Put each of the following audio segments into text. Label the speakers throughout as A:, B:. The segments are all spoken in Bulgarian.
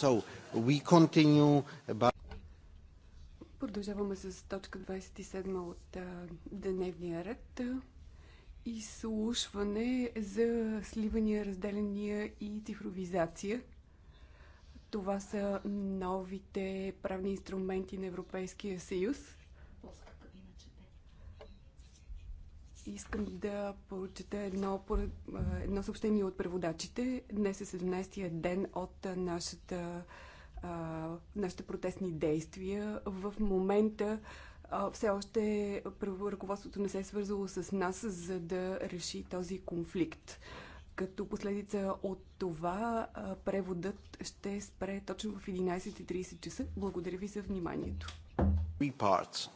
A: So we continue about...
B: Продължаваме с точка 27 от дневния ред. Изслушване за сливания, разделения и цифровизация. Това са новите правни инструменти на Европейския съюз. Искам да прочета едно, едно съобщение от преводачите. Днес е 17-я ден от нашата, нашата нашите протестни действия. В момента все още ръководството не се е свързало с нас, за да реши този конфликт. Като последица от това, преводът ще спре точно в 11.30 часа. Благодаря ви за вниманието. Three parts.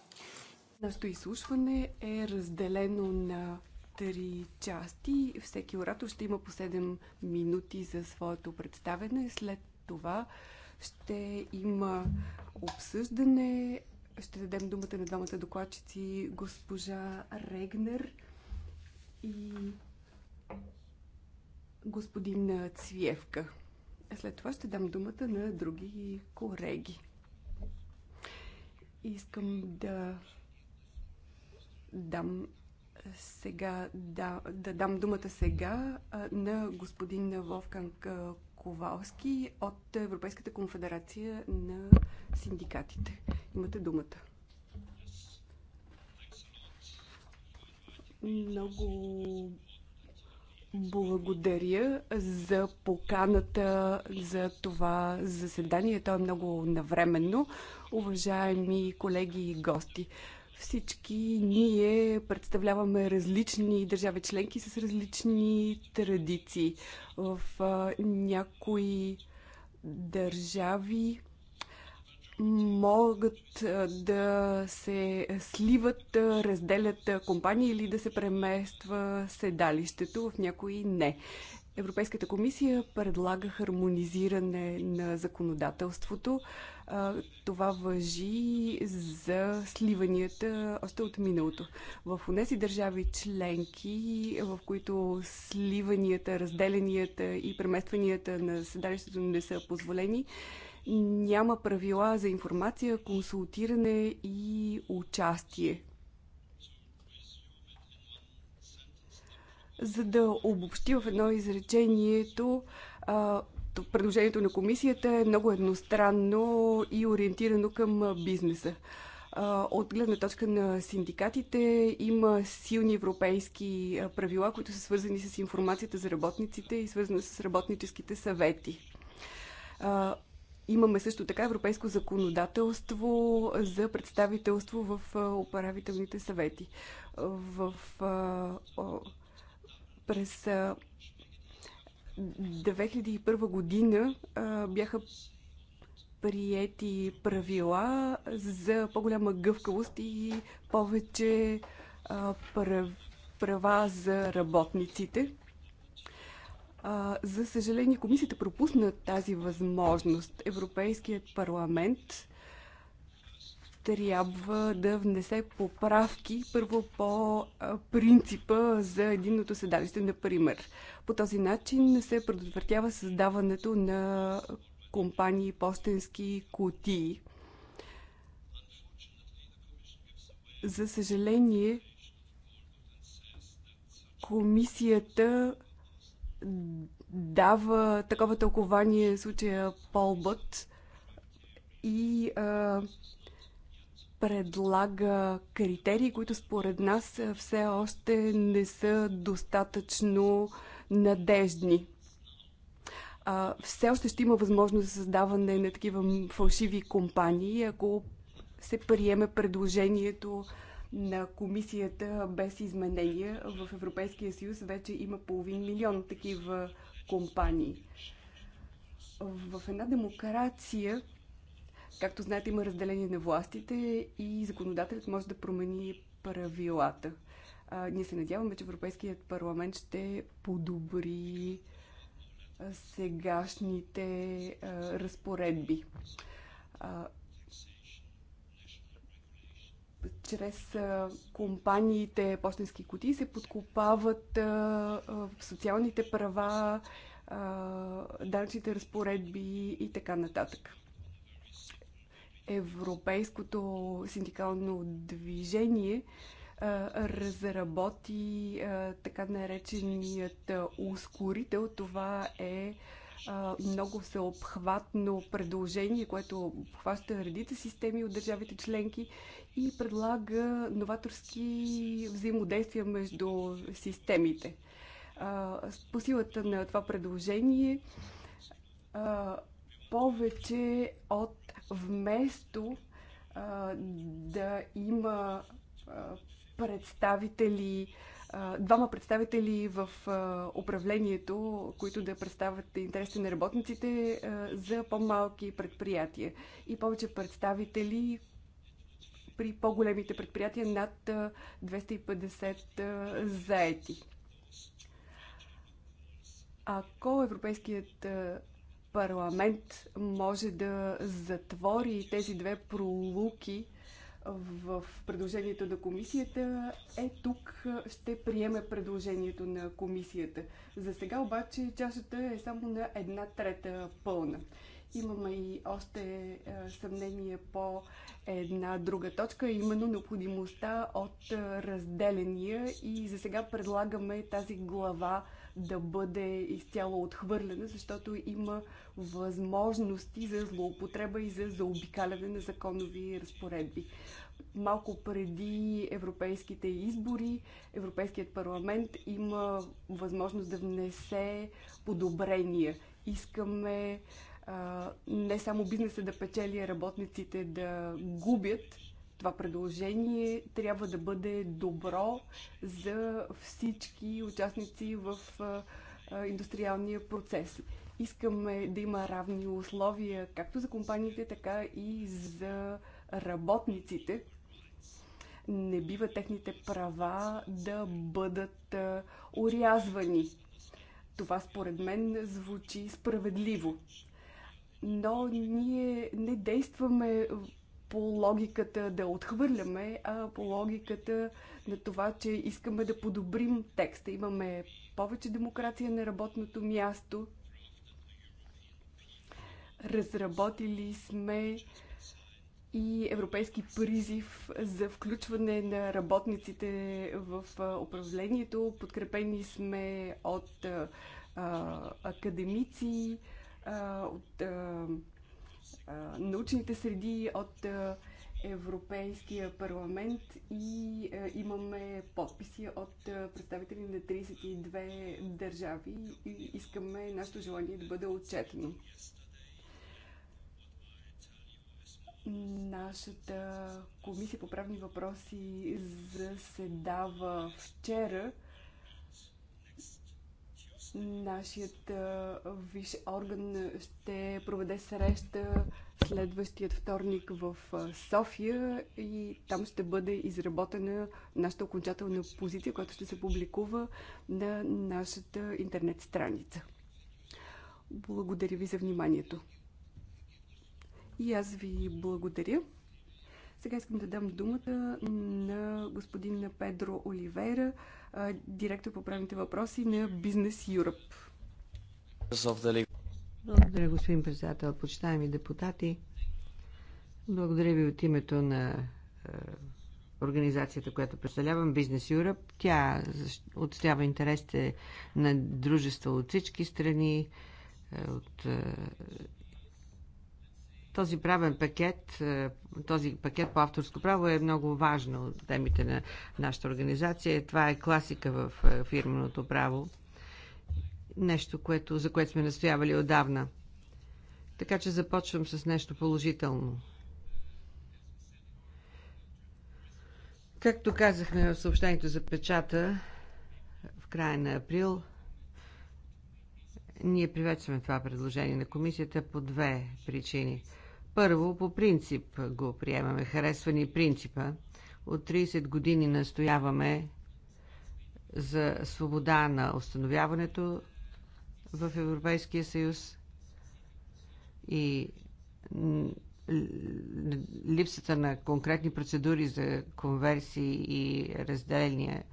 B: Нашето изслушване е разделено на три части. Всеки оратор ще има по 7 минути за своето представене. След това ще има обсъждане. Ще дадем думата на двамата докладчици госпожа Регнер и господин Цвиевка. След това ще дам думата на други колеги. Искам да дам сега да, да дам думата сега на господин Вовкан Ковалски от Европейската конфедерация на синдикатите. Имате думата. Много благодаря за поканата за това заседание. То е много навременно. Уважаеми колеги и гости, всички ние представляваме различни държави членки с различни традиции. В някои държави могат да се сливат, разделят компании или да се премества седалището, в някои не. Европейската комисия предлага хармонизиране на законодателството. Това въжи за сливанията още от миналото. В тези държави членки, в които сливанията, разделенията и преместванията на седалището не са позволени, няма правила за информация, консултиране и участие. За да обобщи в едно изречението, предложението на комисията е много едностранно и ориентирано към бизнеса. От гледна точка на синдикатите има силни европейски правила, които са свързани с информацията за работниците и свързани с работническите съвети. Имаме също така европейско законодателство за представителство в управителните съвети. В, през 2001 година а, бяха приети правила за по-голяма гъвкавост и повече а, прав, права за работниците. А, за съжаление, комисията пропусна тази възможност. Европейският парламент трябва да внесе поправки първо по принципа за единното седалище, например. По този начин се предотвратява създаването на компании постенски кутии. За съжаление, комисията дава такова тълкование в случая Полбът и а, предлага критерии, които според нас е, все още не са достатъчно надеждни. Все още ще има възможност за създаване на такива фалшиви компании, ако се приеме предложението на комисията без изменения. В Европейския съюз вече има половин милион такива компании. В една демокрация Както знаете, има разделение на властите и законодателят може да промени правилата. А, ние се надяваме, че Европейският парламент ще подобри сегашните а, разпоредби. А, чрез а, компаниите почтенски кутии се подкопават а, а, социалните права, а, данъчните разпоредби и така нататък. Европейското синдикално движение разработи така нареченият ускорител. Това е много всеобхватно предложение, което обхваща редите системи от държавите членки и предлага новаторски взаимодействия между системите. По силата на това предложение повече от вместо а, да има а, представители, а, двама представители в а, управлението, които да представят интересите на работниците а, за по-малки предприятия и повече представители при по-големите предприятия над 250 заети. Ако Европейският парламент може да затвори тези две пролуки в предложението на комисията, е тук ще приеме предложението на комисията. За сега обаче чашата е само на една трета пълна. Имаме и още е, съмнение по една друга точка, именно необходимостта от разделения и за сега предлагаме тази глава да бъде изцяло отхвърлена, защото има възможности за злоупотреба и за заобикаляне на законови разпоредби. Малко преди европейските избори, Европейският парламент има възможност да внесе подобрения. Искаме а, не само бизнеса да печели, а работниците да губят това предложение трябва да бъде добро за всички участници в индустриалния процес. Искаме да има равни условия както за компаниите, така и за работниците. Не бива техните права да бъдат урязвани. Това според мен звучи справедливо но ние не действаме по логиката да отхвърляме, а по логиката на това, че искаме да подобрим текста. Имаме повече демокрация на работното място. Разработили сме и европейски призив за включване на работниците в управлението. Подкрепени сме от а, академици, а, от а, научните среди от Европейския парламент и имаме подписи от представители на 32 държави и искаме нашето желание да бъде отчетено. Нашата комисия по правни въпроси заседава вчера Нашият виш орган ще проведе среща следващият вторник в София и там ще бъде изработена нашата окончателна позиция, която ще се публикува на нашата интернет страница. Благодаря ви за вниманието. И аз ви благодаря. Сега искам да дам думата на господин Педро Оливера, директор по правните въпроси на Business Юръп.
C: Благодаря, господин председател. Почитаеми депутати, благодаря ви от името на организацията, която представлявам, Business Юръп. Тя отстоява интересите на дружества от всички страни, от този правен пакет, е, този пакет по авторско право е много важно от темите на нашата организация. Това е класика в е, фирменото право. Нещо, което, за което сме настоявали отдавна. Така че започвам с нещо положително. Както казахме в съобщението за печата в края на април, ние приветстваме това предложение на комисията по две причини – първо, по принцип го приемаме, харесва ни принципа. От 30 години настояваме за свобода на установяването в Европейския съюз и липсата на конкретни процедури за конверсии и разделения е,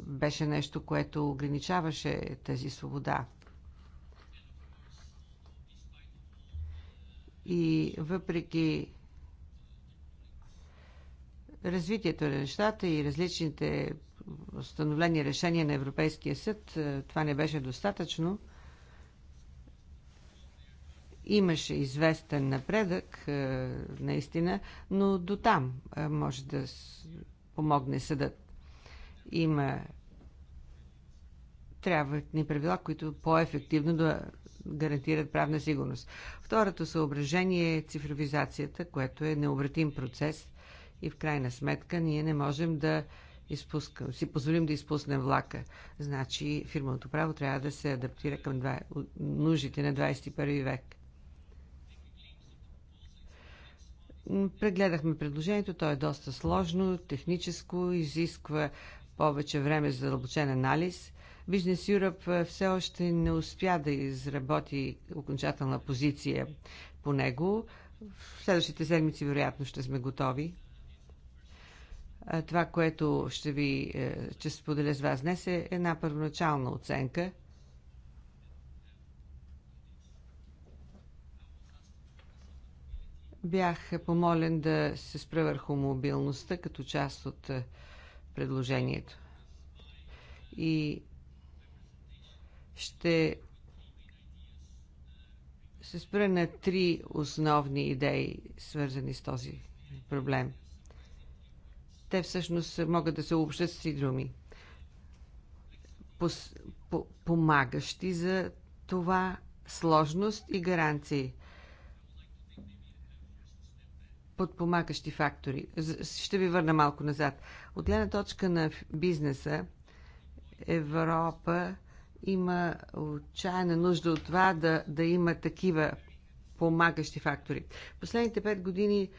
C: беше нещо, което ограничаваше тази свобода. И въпреки развитието на нещата и различните установлени решения на Европейския съд, е, това не беше достатъчно. Имаше известен напредък, е, наистина, но до там е, може да помогне съдът. Има трябват ни правила, които по-ефективно да гарантират правна сигурност. Второто съображение е цифровизацията, което е необратим процес и в крайна сметка ние не можем да изпускам, си позволим да изпуснем влака. Значи фирмното право трябва да се адаптира към два, нуждите на 21 век. Прегледахме предложението, то е доста сложно, техническо, изисква повече време за дълбочен анализ Бизнес Юръп все още не успя да изработи окончателна позиция по него. В следващите седмици вероятно ще сме готови. Това, което ще ви е, ще споделя с вас днес е една първоначална оценка – бях помолен да се спра върху мобилността като част от е, предложението. И ще се спра на три основни идеи, свързани с този проблем. Те всъщност могат да се общат с думи. Пос, по, помагащи за това сложност и гаранции. Подпомагащи фактори. Ще ви върна малко назад. От гледна точка на бизнеса, Европа има отчаяна нужда от това да, да има такива помагащи фактори. Последните пет години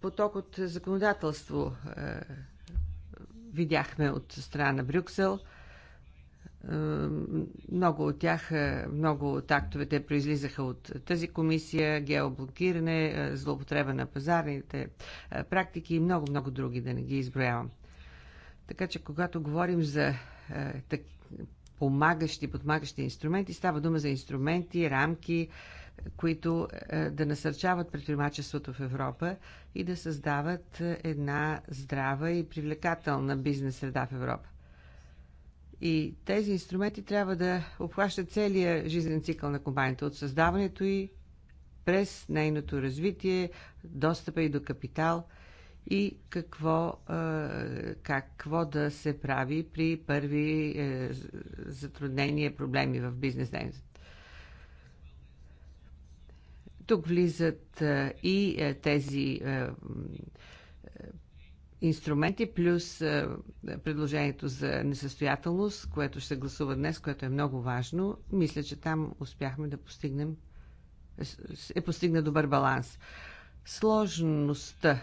C: поток от законодателство е, видяхме от страна на Брюксел. Е, много от тях, е, много от актовете произлизаха от тази комисия, геоблокиране, е, злоупотреба на пазарните е, практики и много-много други, да не ги изброявам. Така че, когато говорим за е, так, помагащи, подмагащи инструменти. Става дума за инструменти, рамки, които е, да насърчават предприемачеството в Европа и да създават е, една здрава и привлекателна бизнес среда в Европа. И тези инструменти трябва да обхващат целия жизнен цикъл на компанията от създаването и през нейното развитие, достъпа и до капитал – и какво, какво да се прави при първи е, затруднения, проблеми в бизнес дейност. Тук влизат и е, тези е, инструменти, плюс предложението за несъстоятелност, което ще гласува днес, което е много важно. Мисля, че там успяхме да постигнем е постигна добър баланс. Сложността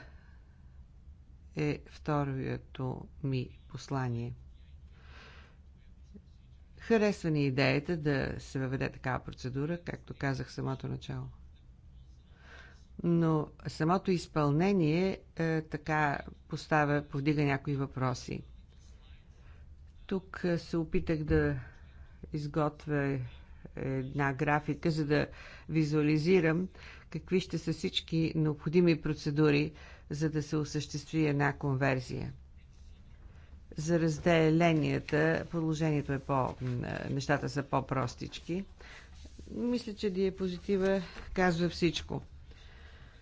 C: е второто ми послание. Харесва ни идеята да се въведе такава процедура, както казах самото начало. Но самото изпълнение е, така поставя, повдига някои въпроси. Тук е, се опитах да изготвя една графика, за да визуализирам какви ще са всички необходими процедури, за да се осъществи една конверзия. За разделенията положението е по... нещата са по-простички. Мисля, че диапозитива казва всичко.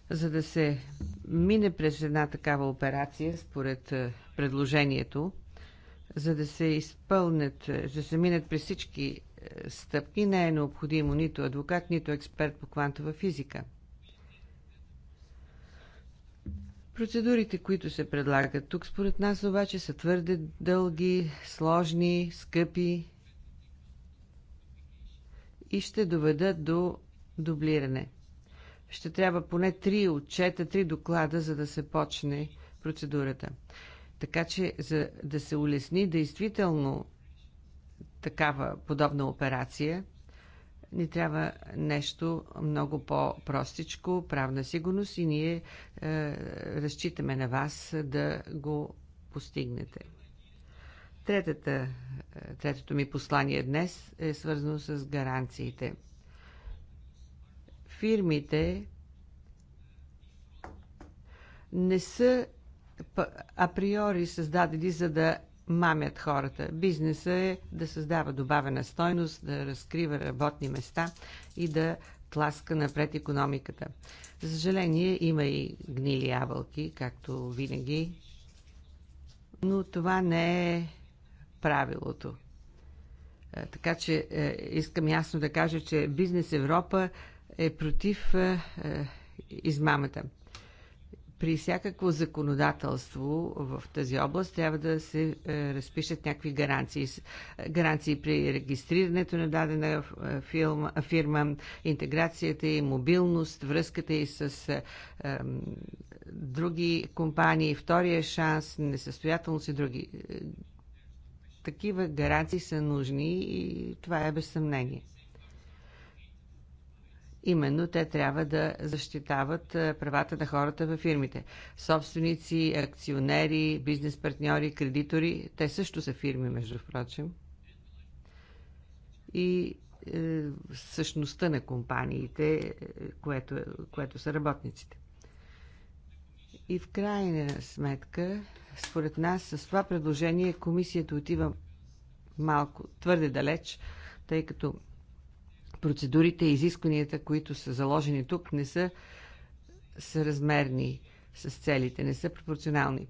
C: За да се мине през една такава операция, според е, предложението, за да се изпълнят, за да се минат през всички е, стъпки, не е необходимо нито адвокат, нито експерт по квантова физика – Процедурите, които се предлагат тук, според нас обаче са твърде дълги, сложни, скъпи и ще доведат до дублиране. Ще трябва поне три отчета, три доклада, за да се почне процедурата. Така че, за да се улесни действително такава подобна операция, ни трябва нещо много по-простичко, правна сигурност и ние е, разчитаме на вас да го постигнете. Третата, е, третото ми послание днес е свързано с гаранциите. Фирмите не са априори създадени за да мамят хората. Бизнеса е да създава добавена стойност, да разкрива работни места и да тласка напред економиката. За съжаление, има и гнили ябълки, както винаги, но това не е правилото. Е, така че е, искам ясно да кажа, че Бизнес Европа е против е, измамата при всякакво законодателство в тази област трябва да се е, разпишат някакви гаранции. Е, гаранции при регистрирането на дадена е, фирма, интеграцията и мобилност, връзката и с други компании, втория шанс, несъстоятелност и други. Такива гаранции са нужни и това е без съмнение. Именно те трябва да защитават е, правата на хората във фирмите. Собственици, акционери, бизнес партньори, кредитори, те също са фирми, между впрочем. И е, същността на компаниите, е, което, което са работниците. И в крайна сметка, според нас, с това предложение комисията отива малко твърде далеч, тъй като процедурите и изискванията, които са заложени тук, не са съразмерни с целите, не са пропорционални.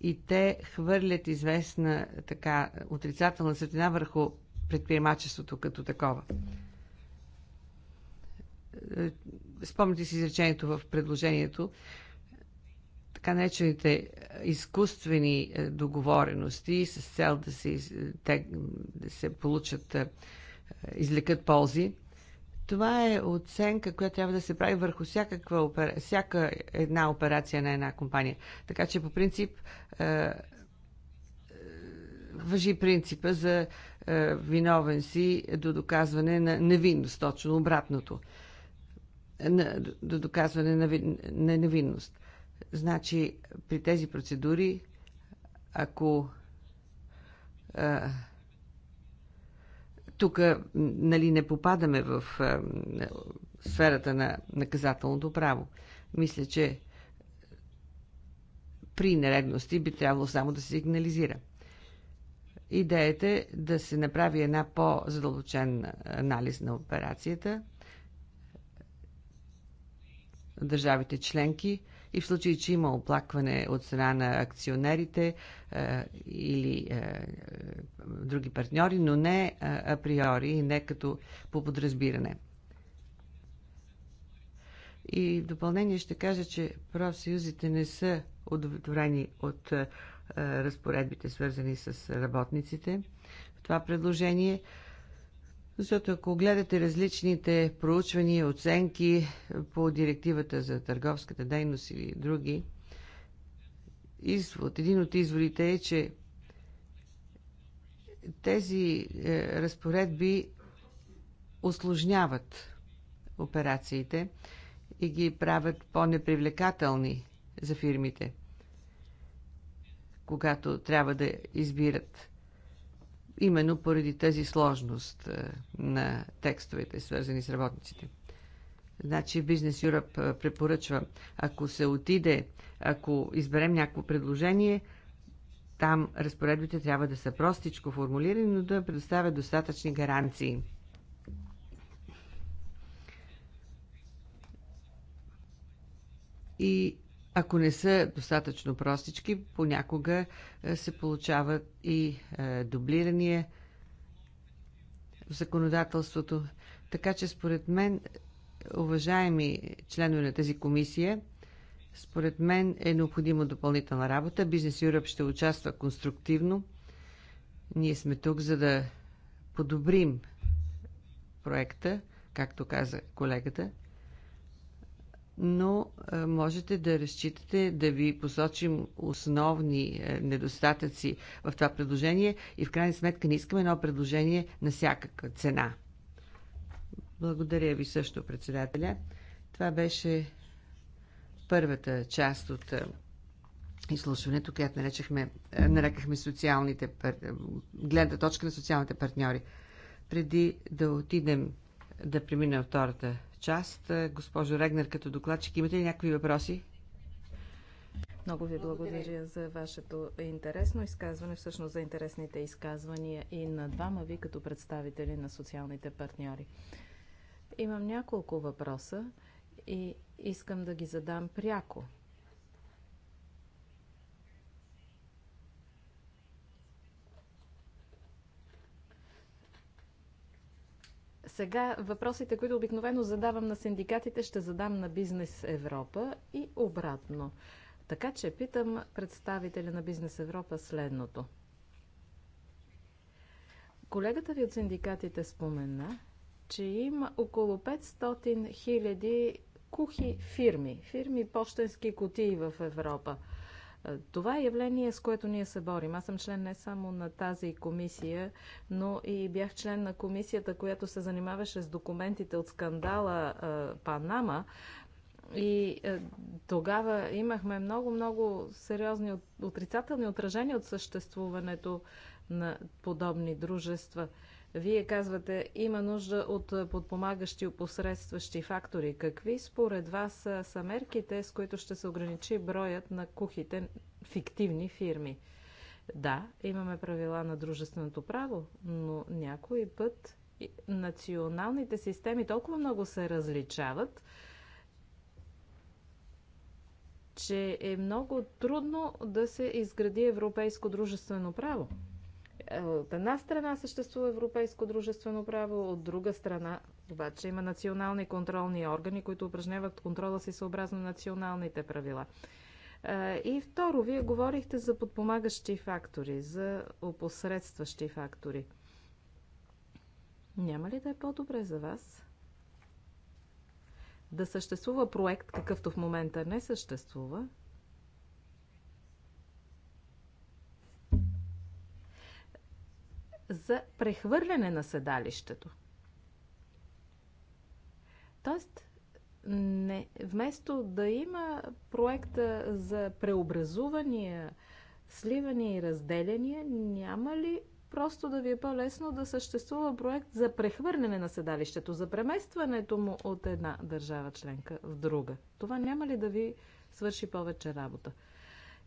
C: И те хвърлят известна така отрицателна светлина върху предприемачеството като такова. Спомните си изречението в предложението. Така наречените изкуствени е, договорености с цел да се, те, да се получат е, извлекат ползи. Това е оценка, която трябва да се прави върху всякаква, всяка една операция на една компания. Така че по принцип е, е, въжи принципа за е, виновен си до доказване на невинност, точно обратното. до доказване на, на невинност. Значи, при тези процедури, ако а, тук нали, не попадаме в сферата на наказателното право. Мисля, че при нередности би трябвало само да се сигнализира. Идеята е да се направи една по-задълбочен анализ на операцията. Държавите членки – и в случай, че има оплакване от страна на акционерите а, е, или а, е, други партньори, но не е, априори и не като по подразбиране. И в допълнение ще кажа, че профсъюзите не са удовлетворени от разпоредбите, свързани с работниците. В това предложение защото ако гледате различните проучвания, оценки по директивата за търговската дейност или други, извод, един от изводите е, че тези е, разпоредби осложняват операциите и ги правят по-непривлекателни за фирмите, когато трябва да избират именно поради тази сложност е, на текстовете, свързани с работниците. Значи Бизнес Юръп препоръчва, ако се отиде, ако изберем някакво предложение, там разпоредбите трябва да са простичко формулирани, но да предоставят достатъчни гаранции. И ако не са достатъчно простички, понякога е, се получават и е, дублирания в законодателството. Така че според мен, уважаеми членове на тази комисия, според мен е необходима допълнителна работа. Бизнес Юръп ще участва конструктивно. Ние сме тук, за да подобрим проекта, както каза колегата но е, можете да разчитате да ви посочим основни е, недостатъци в това предложение и в крайна сметка не искаме едно предложение на всякаква цена. Благодаря ви също, председателя. Това беше първата част от е, изслушването, която наречахме, нарекахме социалните, гледна точка на социалните партньори. Преди да отидем да преминем втората част. Е, госпожо Регнер, като докладчик, имате ли някакви въпроси?
D: Много ви благодаря за вашето интересно изказване, всъщност за интересните изказвания и на двама ви като представители на социалните партньори. Имам няколко въпроса и искам да ги задам пряко Сега въпросите, които обикновено задавам на синдикатите, ще задам на Бизнес Европа и обратно. Така че питам представителя на Бизнес Европа следното. Колегата ви от синдикатите спомена, че има около 500 000 кухи фирми, фирми почтенски кутии в Европа – това е явление, с което ние се борим. Аз съм член не само на тази комисия, но и бях член на комисията, която се занимаваше с документите от скандала Панама. И тогава имахме много-много сериозни отрицателни отражения от съществуването на подобни дружества. Вие казвате, има нужда от подпомагащи опосредстващи посредстващи фактори. Какви според вас са, са мерките, с които ще се ограничи броят на кухите фиктивни фирми? Да, имаме правила на дружественото право, но някой път националните системи толкова много се различават, че е много трудно да се изгради европейско дружествено право. Е, от една страна съществува европейско дружествено право, от друга страна обаче има национални контролни органи, които упражняват контрола си съобразно националните правила. Е, и второ, вие говорихте за подпомагащи фактори, за опосредстващи фактори. Няма ли да е по-добре за вас да съществува проект, какъвто в момента не съществува, за прехвърляне на седалището. Тоест, не, вместо да има проекта за преобразувания, сливания и разделяния, няма ли просто да ви е по-лесно да съществува проект за прехвърляне на седалището, за преместването му от една държава членка в друга? Това няма ли да ви свърши повече работа?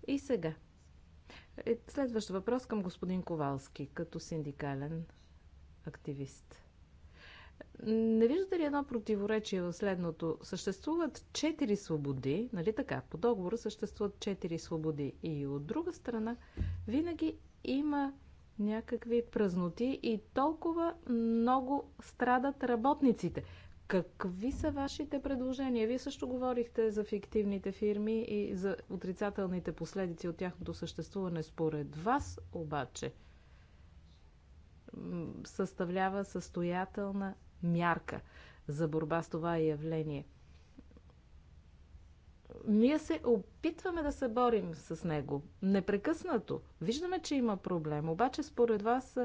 D: И сега, е, следващ въпрос към господин Ковалски, като синдикален активист. Не виждате ли едно противоречие в следното? Съществуват четири свободи, нали така? По договора съществуват четири свободи. И от друга страна, винаги има някакви празноти и толкова много страдат работниците. Какви са вашите предложения? Вие също говорихте за фиктивните фирми и за отрицателните последици от тяхното съществуване. Според вас обаче съставлява състоятелна мярка за борба с това явление. Ние се опитваме да се борим с него непрекъснато. Виждаме, че има проблем, обаче според вас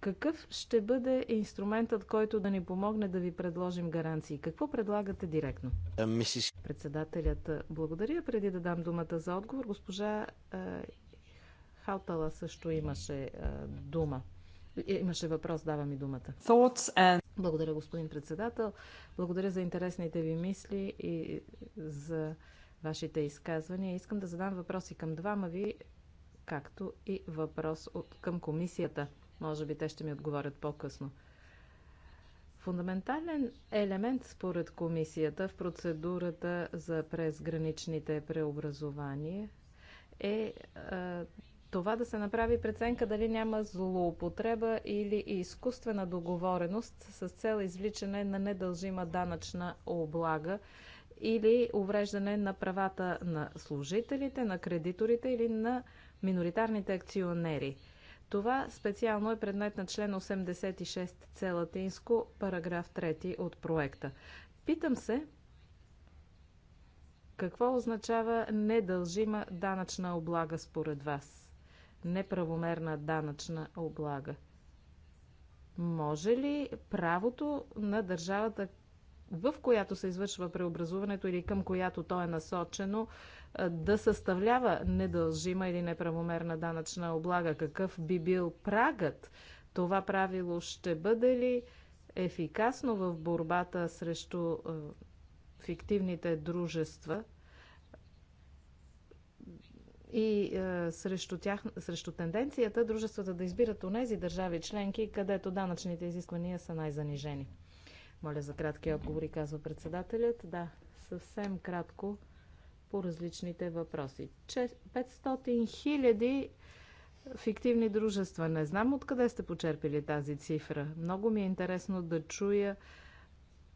D: какъв ще бъде инструментът, който да ни помогне да ви предложим гаранции? Какво предлагате директно? Е, Председателят, е, благодаря. Преди да дам думата за отговор, госпожа е, Хаутала също имаше е, дума. Е, имаше въпрос, давам и думата. And... Благодаря, господин председател. Благодаря за интересните ви мисли и за вашите изказвания. Искам да задам въпроси към двама ви, както и въпрос от, към комисията. Може би те ще ми отговорят по-късно. Фундаментален елемент според комисията в процедурата за презграничните преобразования е а, е, това да се направи преценка дали няма злоупотреба или изкуствена договореност с цел извличане на недължима данъчна облага или увреждане на правата на служителите, на кредиторите или на миноритарните акционери – това специално е предмет на член 86 целатинско, параграф 3 от проекта. Питам се, какво означава недължима данъчна облага според вас? Неправомерна данъчна облага. Може ли правото на държавата, в която се извършва преобразуването или към която то е насочено, да съставлява недължима или неправомерна данъчна облага? Какъв би бил прагът? Това правило ще бъде ли ефикасно в борбата срещу е, фиктивните дружества и е, срещу, тях, срещу тенденцията дружествата да избират онези държави членки, където данъчните изисквания са най-занижени. Моля за кратки отговори, казва председателят. Да, съвсем кратко по различните въпроси. 500 хиляди фиктивни дружества. Не знам откъде сте почерпили тази цифра. Много ми е интересно да чуя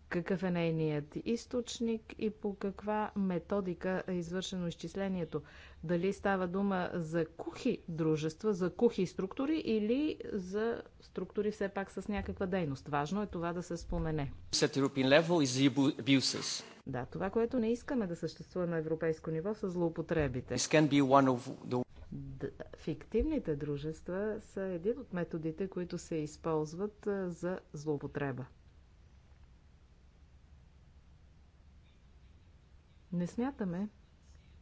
D: какъв е нейният източник и по каква методика е извършено изчислението. Дали става дума за кухи дружества, за кухи структури или за структури все пак с някаква дейност. Важно е това да се спомене. Да, това, което не искаме да съществува на европейско ниво, са злоупотребите. Фиктивните дружества са един от методите, които се използват за злоупотреба. Не смятаме,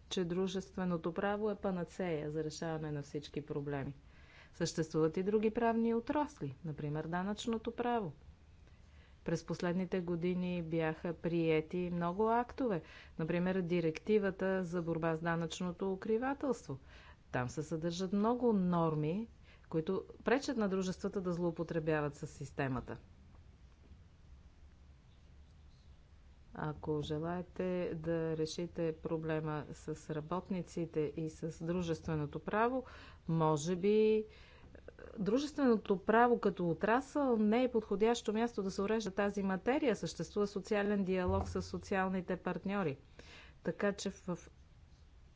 D: че дружественото право е панацея за решаване на всички проблеми. Съществуват и други правни отрасли, например данъчното право. През последните години бяха приети много актове, например директивата за борба с данъчното укривателство. Там се съдържат много норми, които пречат на дружествата да злоупотребяват с системата. Ако желаете да решите проблема с работниците и с дружественото право, може би е, дружественото право като отрасъл не е подходящо място да се урежда тази материя. Съществува социален диалог с социалните партньори. Така че в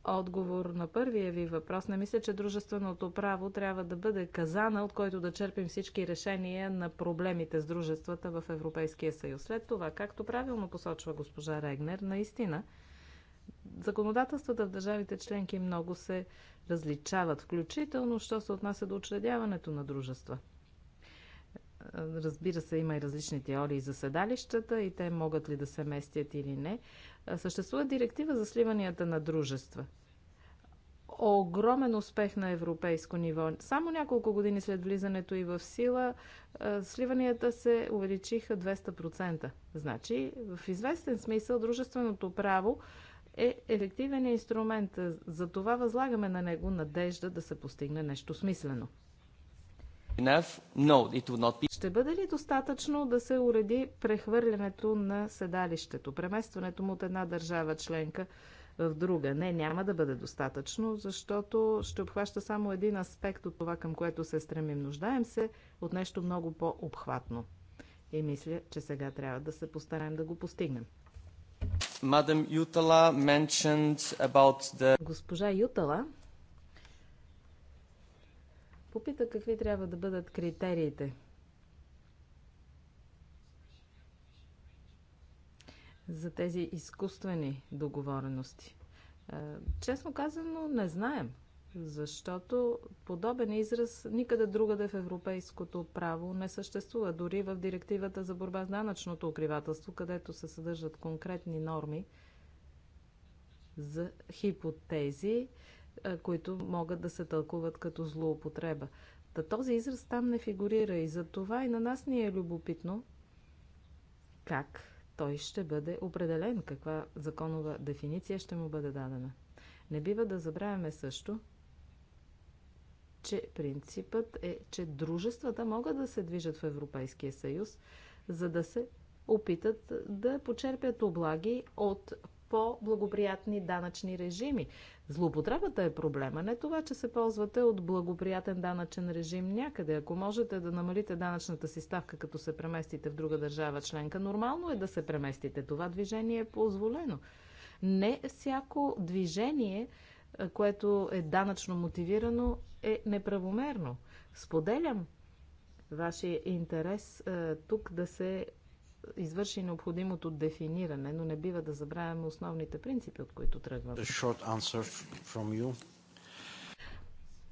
D: отговор на първия ви въпрос. Не мисля, че дружественото право трябва да бъде казана, от който да черпим всички решения на проблемите с дружествата в Европейския съюз. След това, както правилно посочва госпожа Регнер, наистина законодателствата в държавите членки много се различават, включително, що се отнася до учредяването на дружества. Разбира се, има и различни теории за седалищата и те могат ли да се местят или не. Съществува директива за сливанията на дружества. Огромен успех на европейско ниво. Само няколко години след влизането и в сила, сливанията се увеличиха 200%. Значи, в известен смисъл, дружественото право е ефективен инструмент. За това възлагаме на него надежда да се постигне нещо смислено. No, ще бъде ли достатъчно да се уреди прехвърлянето на седалището, преместването му от една държава членка в друга? Не, няма да бъде достатъчно, защото ще обхваща само един аспект от това, към което се стремим. Нуждаем се от нещо много по-обхватно. И мисля, че сега трябва да се постараем да го постигнем.
C: Madam mentioned about
D: the... Госпожа Ютала попита какви трябва да бъдат критериите за тези изкуствени договорености? Е, честно казано, не знаем, защото подобен израз никъде другаде в европейското право не съществува. Дори в директивата за борба с данъчното укривателство, където се съдържат конкретни норми за хипотези, е, които могат да се тълкуват като злоупотреба. Та този израз там не фигурира и за това и на нас ни е любопитно как той ще бъде определен каква законова дефиниция ще му бъде дадена. Не бива да забравяме също, че принципът е, че дружествата могат да се движат в Европейския съюз, за да се опитат да почерпят облаги от по-благоприятни данъчни режими. Злоупотребата е проблема, не това, че се ползвате от благоприятен данъчен режим някъде. Ако можете да намалите данъчната си ставка, като се преместите в друга държава членка, нормално е да се преместите. Това движение е позволено. Не всяко движение, е, което е данъчно мотивирано, е неправомерно. Споделям вашия интерес е, тук да се извърши необходимото дефиниране, но не бива да забравяме основните принципи, от които тръгваме.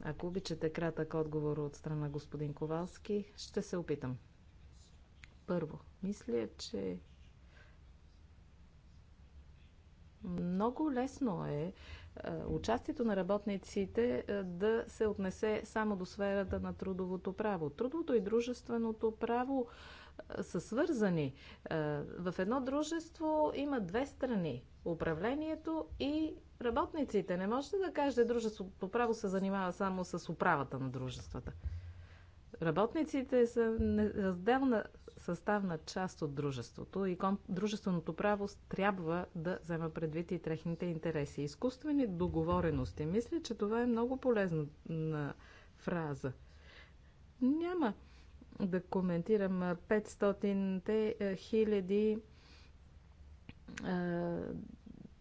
D: Ако обичате кратък отговор от страна господин Ковалски, ще се опитам. Първо, мисля, че много лесно е участието на работниците да се отнесе само до сферата на трудовото право. Трудовото и дружественото право са свързани. В едно дружество има две страни управлението и работниците. Не можете да кажете, дружество по право се занимава само с управата на дружествата. Работниците са неразделна съставна част от дружеството и дружественото право трябва да взема предвид и техните интереси. Изкуствени договорености. Мисля, че това е много полезна фраза. Няма да коментирам 500-те хиляди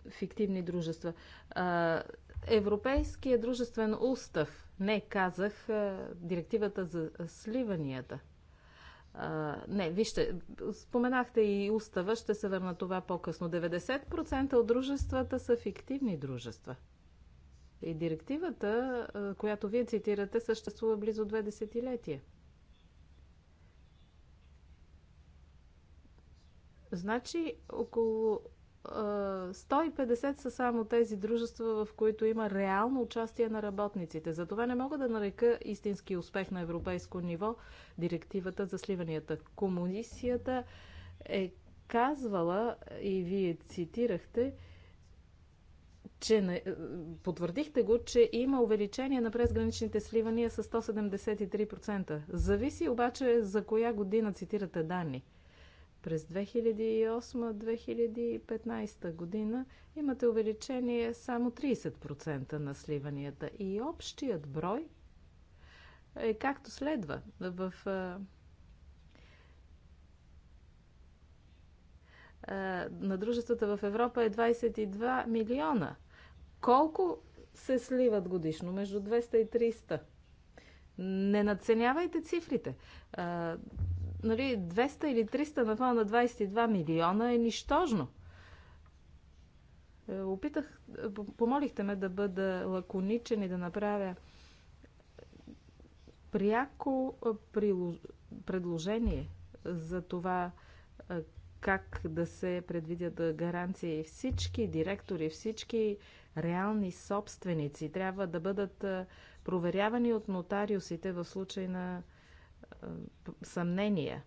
D: фиктивни дружества. Европейския дружествен устав, не казах директивата за сливанията. Не, вижте, споменахте и устава, ще се върна това по-късно. 90% от дружествата са фиктивни дружества. И директивата, която вие цитирате, съществува близо две десетилетия. Значи около 150 са само тези дружества, в които има реално участие на работниците. Затова не мога да нарека истински успех на европейско ниво директивата за сливанията. Комунисията е казвала, и вие цитирахте, че не, потвърдихте го, че има увеличение на презграничните сливания с 173%. Зависи обаче за коя година цитирате данни – през 2008-2015 година имате увеличение само 30% на сливанията и общият брой е както следва. В на дружествата в Европа е 22 милиона. Колко се сливат годишно? Между 200 и 300. Не надценявайте цифрите нали, 200 или 300 на фона на 22 милиона е нищожно. Е, опитах, помолихте ме да бъда лаконичен и да направя пряко предложение за това как да се предвидят гаранции. Всички директори, всички реални собственици трябва да бъдат проверявани от нотариусите в случай на съмнения.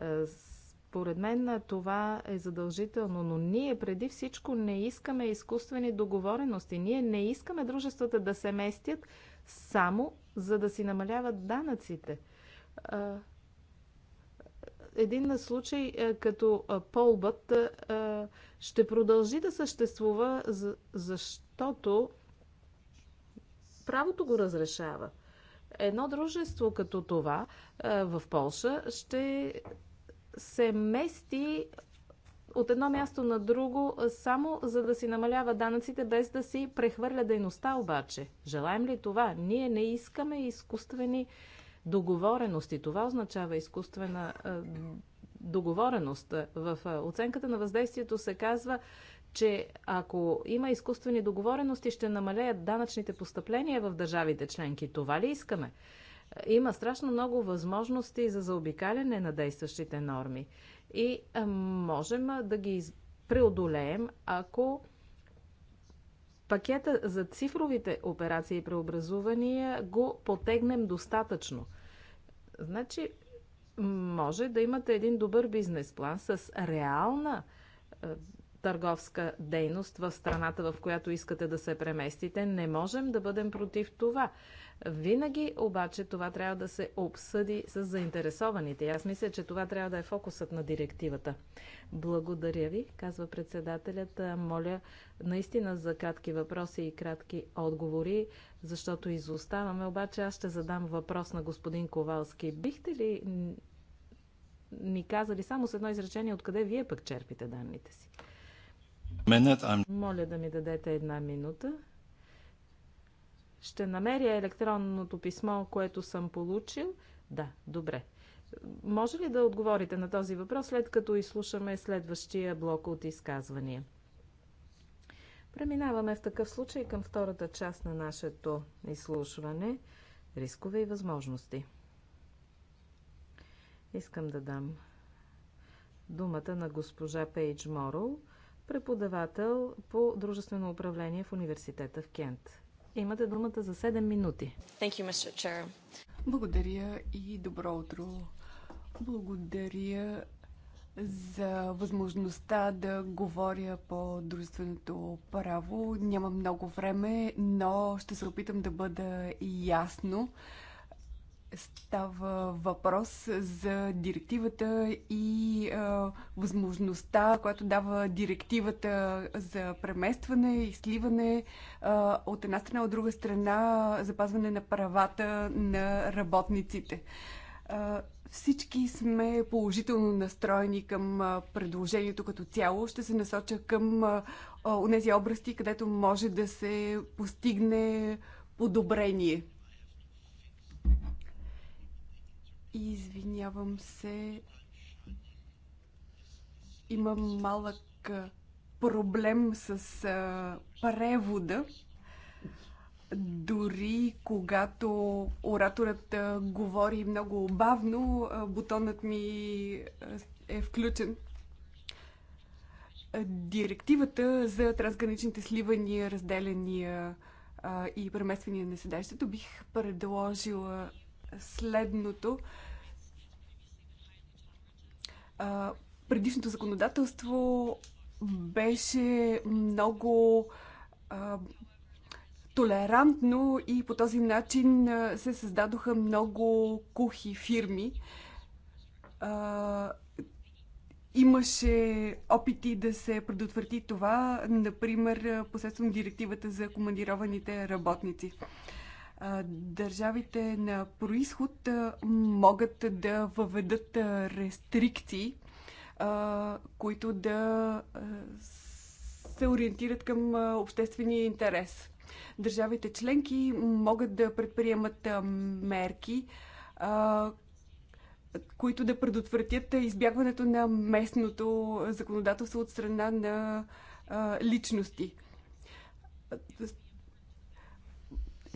D: Е, според мен това е задължително, но ние преди всичко не искаме изкуствени договорености. Ние не искаме дружествата да се местят само за да си намаляват данъците. Е, един случай е, като полбът ще продължи да съществува, защото правото го разрешава. Едно дружество като това е, в Полша ще се мести от едно място на друго, е, само за да си намалява данъците, без да си прехвърля дейността обаче. Желаем ли това? Ние не искаме изкуствени договорености. Това означава изкуствена е, договореност. В оценката на въздействието се казва, че ако има изкуствени договорености, ще намалеят данъчните постъпления в държавите членки. Това ли искаме? Има страшно много възможности за заобикаляне на действащите норми и можем да ги преодолеем, ако пакета за цифровите операции и преобразувания го потегнем достатъчно. Значи, може да имате един добър бизнес план с реална търговска дейност в страната, в която искате да се преместите. Не можем да бъдем против това. Винаги обаче това трябва да се обсъди с заинтересованите. Аз мисля, че това трябва да е фокусът на директивата. Благодаря ви, казва председателят. Моля наистина за кратки въпроси и кратки отговори, защото изоставаме. Обаче аз ще задам въпрос на господин Ковалски. Бихте ли ни казали само с едно изречение откъде вие пък черпите данните си? Моля да ми дадете една минута. Ще намеря електронното писмо, което съм получил. Да, добре. Може ли да отговорите на този въпрос, след като изслушаме следващия блок от изказвания? Преминаваме в такъв случай към втората част на нашето изслушване – рискове и възможности. Искам да дам думата на госпожа Пейдж Морол – преподавател по дружествено управление в университета в Кент. Имате думата за 7 минути.
B: Thank you, Mr. Chair. Благодаря и добро утро. Благодаря за възможността да говоря по дружественото право. Няма много време, но ще се опитам да бъда ясно. Става въпрос за директивата и а, възможността, която дава директивата за преместване и сливане а, от една страна, от друга страна запазване на правата на работниците. А, всички сме положително настроени към предложението като цяло. Ще се насоча към тези области, където може да се постигне подобрение. Извинявам се. Имам малък проблем с а, превода. Дори когато ораторът а, говори много бавно, а, бутонът ми а, е включен. Директивата за трансграничните сливания, разделения а, и премествания на седещето бих предложила следното. А, предишното законодателство беше много а, толерантно и по този начин се създадоха много кухи фирми. А, имаше опити да се предотврати това, например, посредством директивата за командированите работници държавите на происход могат да въведат рестрикции, които да се ориентират към обществения интерес. Държавите членки могат да предприемат мерки, които да предотвратят избягването на местното законодателство от страна на личности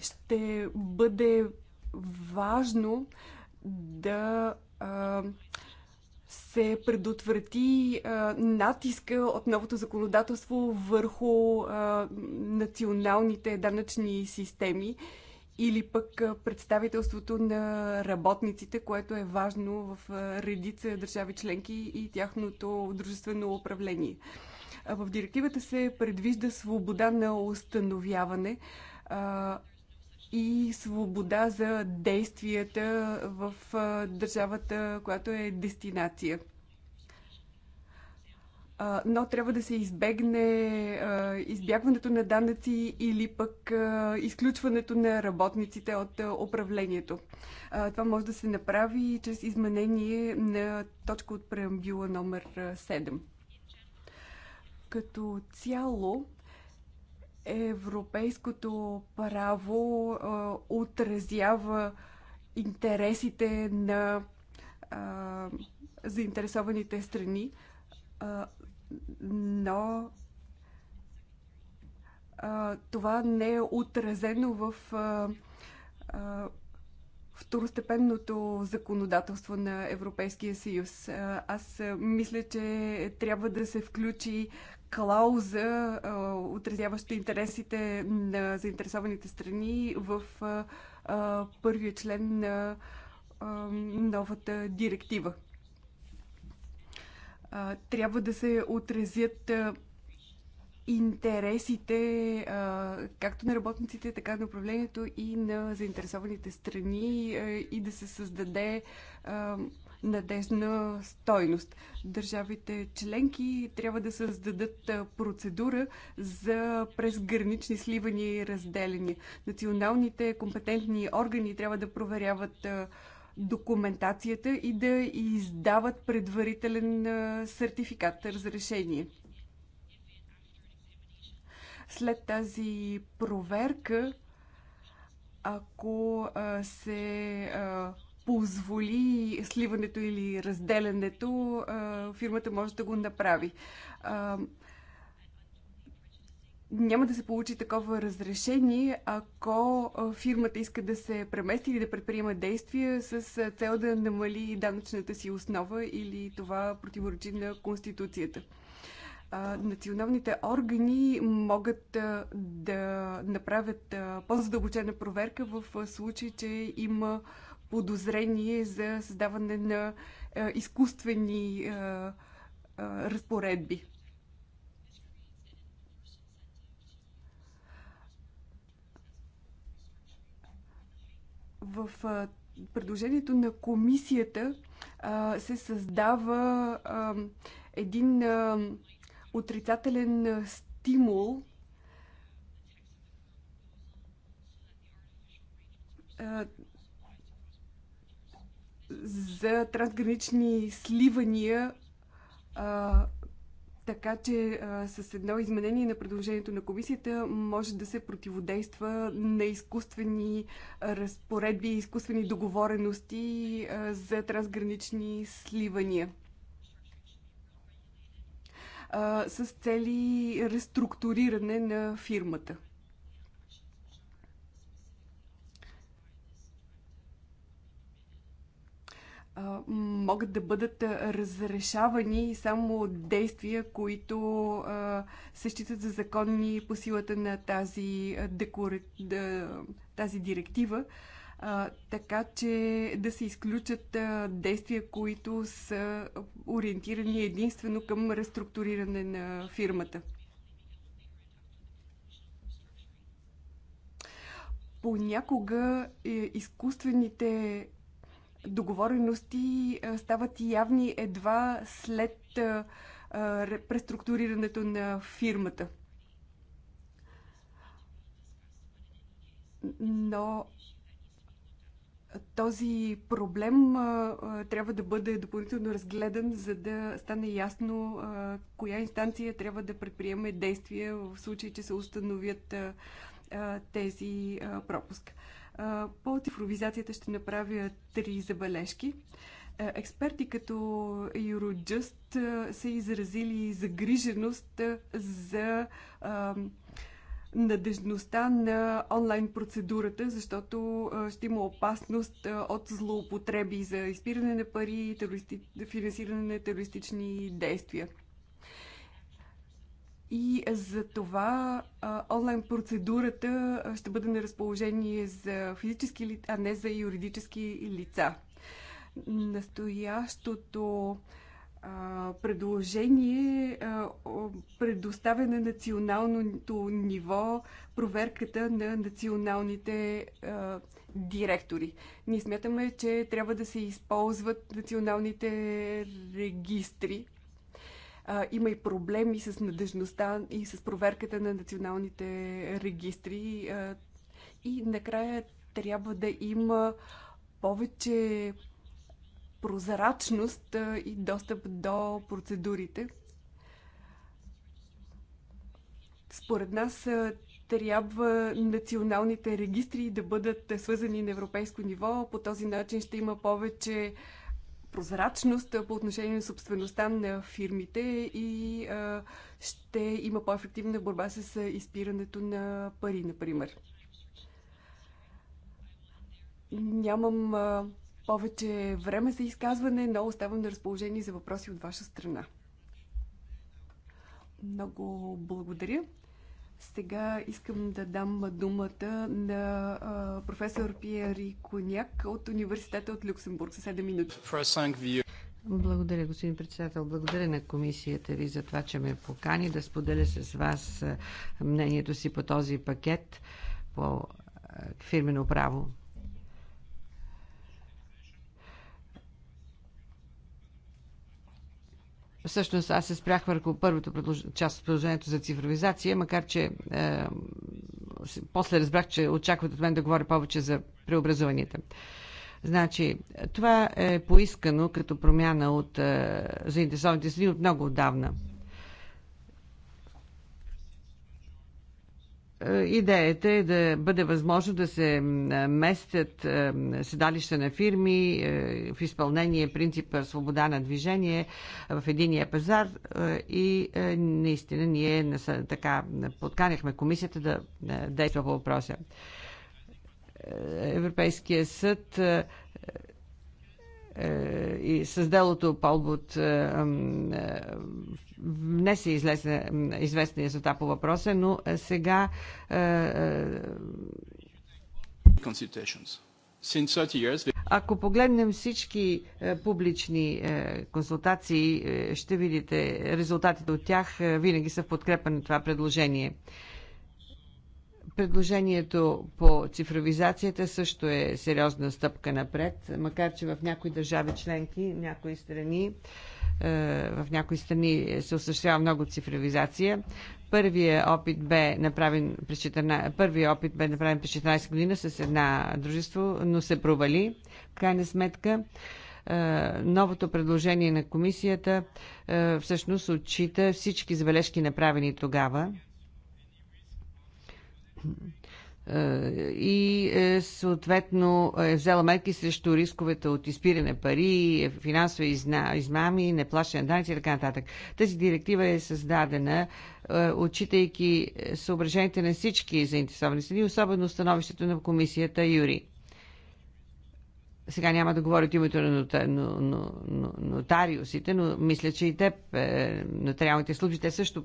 B: ще бъде важно да а, се предотврати а, натиска от новото законодателство върху а, националните данъчни системи или пък представителството на работниците, което е важно в редица държави членки и тяхното дружествено управление. В директивата се предвижда свобода на установяване и свобода за действията в държавата, която е дестинация. Но трябва да се избегне избягването на данъци или пък изключването на работниците от управлението. Това може да се направи чрез изменение на точка от преамбюла номер 7. Като цяло, европейското право а, отразява интересите на а, заинтересованите страни, а, но а, това не е отразено в а, а, второстепенното законодателство на Европейския съюз. Аз мисля, че трябва да се включи клауза, отразяваща интересите на заинтересованите страни в първия член на новата директива. Трябва да се отразят интересите както на работниците, така на управлението и на заинтересованите страни и да се създаде надежна стойност. Държавите членки трябва да създадат процедура за презгранични сливания и разделения. Националните компетентни органи трябва да проверяват документацията и да издават предварителен сертификат, разрешение. След тази проверка, ако се позволи сливането или разделянето, фирмата може да го направи. Няма да се получи такова разрешение, ако фирмата иска да се премести или да предприема действия с цел да намали данъчната си основа или това противоречи на Конституцията националните органи могат да направят по-задълбочена проверка в случай, че има подозрение за създаване на а, е, изкуствени а, е, а, е, разпоредби. В а, предложението на комисията а, се създава а, един а, отрицателен стимул А, за трансгранични сливания, а, така че а, с едно изменение на предложението на комисията може да се противодейства на изкуствени разпоредби, изкуствени договорености а, за трансгранични сливания а, с цели реструктуриране на фирмата. могат да бъдат разрешавани само действия, които се считат за законни по силата на тази, декора... тази директива, така че да се изключат действия, които са ориентирани единствено към реструктуриране на фирмата. понякога е, изкуствените договорености стават явни едва след преструктурирането на фирмата. Но този проблем а, трябва да бъде допълнително разгледан, за да стане ясно а, коя инстанция трябва да предприеме действия в случай, че се установят а, а, тези а, пропуск. По цифровизацията ще направя три забележки. Експерти като Eurojust са изразили загриженост за надежността на онлайн процедурата, защото ще има опасност от злоупотреби за изпиране на пари и финансиране на терористични действия. И за това а, онлайн процедурата ще бъде на разположение за физически, лица, а не за юридически лица. Настоящото а, предложение а, предоставя на националното ниво проверката на националните а, директори. Ние смятаме, че трябва да се използват националните регистри а, има и проблеми с надежността и с проверката на националните регистри. А, и накрая трябва да има повече прозрачност а, и достъп до процедурите. Според нас трябва националните регистри да бъдат свързани на европейско ниво. По този начин ще има повече прозрачност по отношение на собствеността на фирмите и а, ще има по-ефективна борба с изпирането на пари, например. Нямам а, повече време за изказване, но оставам на разположение за въпроси от ваша страна. Много благодаря. Сега искам да дам думата на а, професор Пиери Коняк от Университета от Люксембург за 7 минути.
C: Благодаря, господин председател. Благодаря на комисията ви за това, че ме покани да споделя с вас мнението си по този пакет по фирмено право. Всъщност аз се спрях върху първото предлож... част от предложението за цифровизация, макар че е, после разбрах, че очакват от мен да говоря повече за преобразуванията. Значи, това е поискано като промяна от е, заинтересованите страни от много отдавна. Е, идеята е да бъде възможно да се местят е, седалища на фирми е, в изпълнение принципа свобода на движение в единия пазар и наистина ние така подканяхме комисията да действа по въпроса. Европейския съд е, и с делото Полбут е, е, внесе известна, известна по въпроса, но сега ако погледнем всички публични консултации, ще видите резултатите от тях винаги са в подкрепа на това предложение. Предложението по цифровизацията също е сериозна стъпка напред, макар че в някои държави членки, някои страни, е, в някои страни се осъществява много цифровизация. Първият опит бе направен през 14, първият опит бе направен през 14 година с една дружество, но се провали. В крайна сметка, е, новото предложение на комисията е, всъщност отчита всички забележки направени тогава и е, съответно е взела мерки срещу рисковете от изпиране пари, е, финансови измами, неплащане данъци и така нататък. Тази директива е създадена е, отчитайки съображените на всички заинтересовани страни, особено становището на комисията Юри. Сега няма да говоря от името на нотариусите, но мисля, че и те, нотариалните служби, те също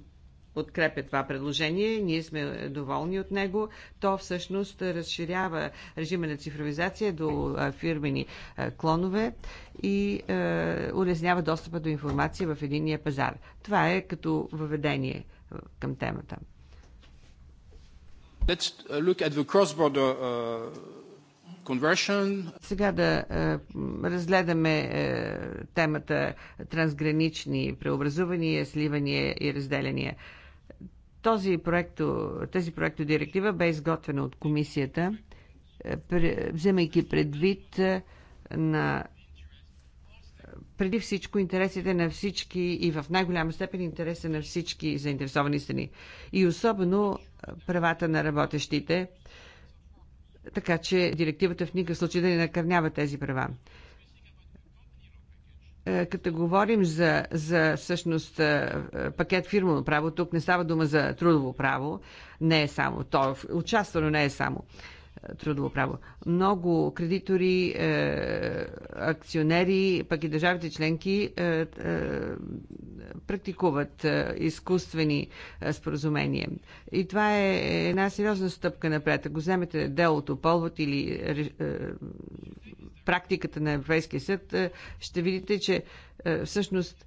C: подкрепя това предложение, ние сме доволни от него. То всъщност разширява режима на цифровизация до фирмени клонове и улеснява достъпа до информация в единия пазар. Това е като въведение към темата.
A: Let's uh, look at the cross-border uh...
C: Сега да е, разгледаме е, темата трансгранични преобразувания, сливания и разделения. Този проекто, тази проекто директива бе изготвена от комисията, е, вземайки предвид е, на преди всичко интересите на всички и в най-голяма степен интереса на всички заинтересовани страни. И особено е, правата на работещите, така че директивата в никакъв случай да не накърнява тези права. Е, като говорим за, за всъщност е, пакет фирмено право, тук не става дума за трудово право, не е само то, участвано не е само е, трудово право. Много кредитори, акционери, пък и държавите членки практикуват изкуствени споразумения. И това е една сериозна стъпка напред. Ако вземете делото повод или практиката на Европейския съд, е, ще видите, че е, всъщност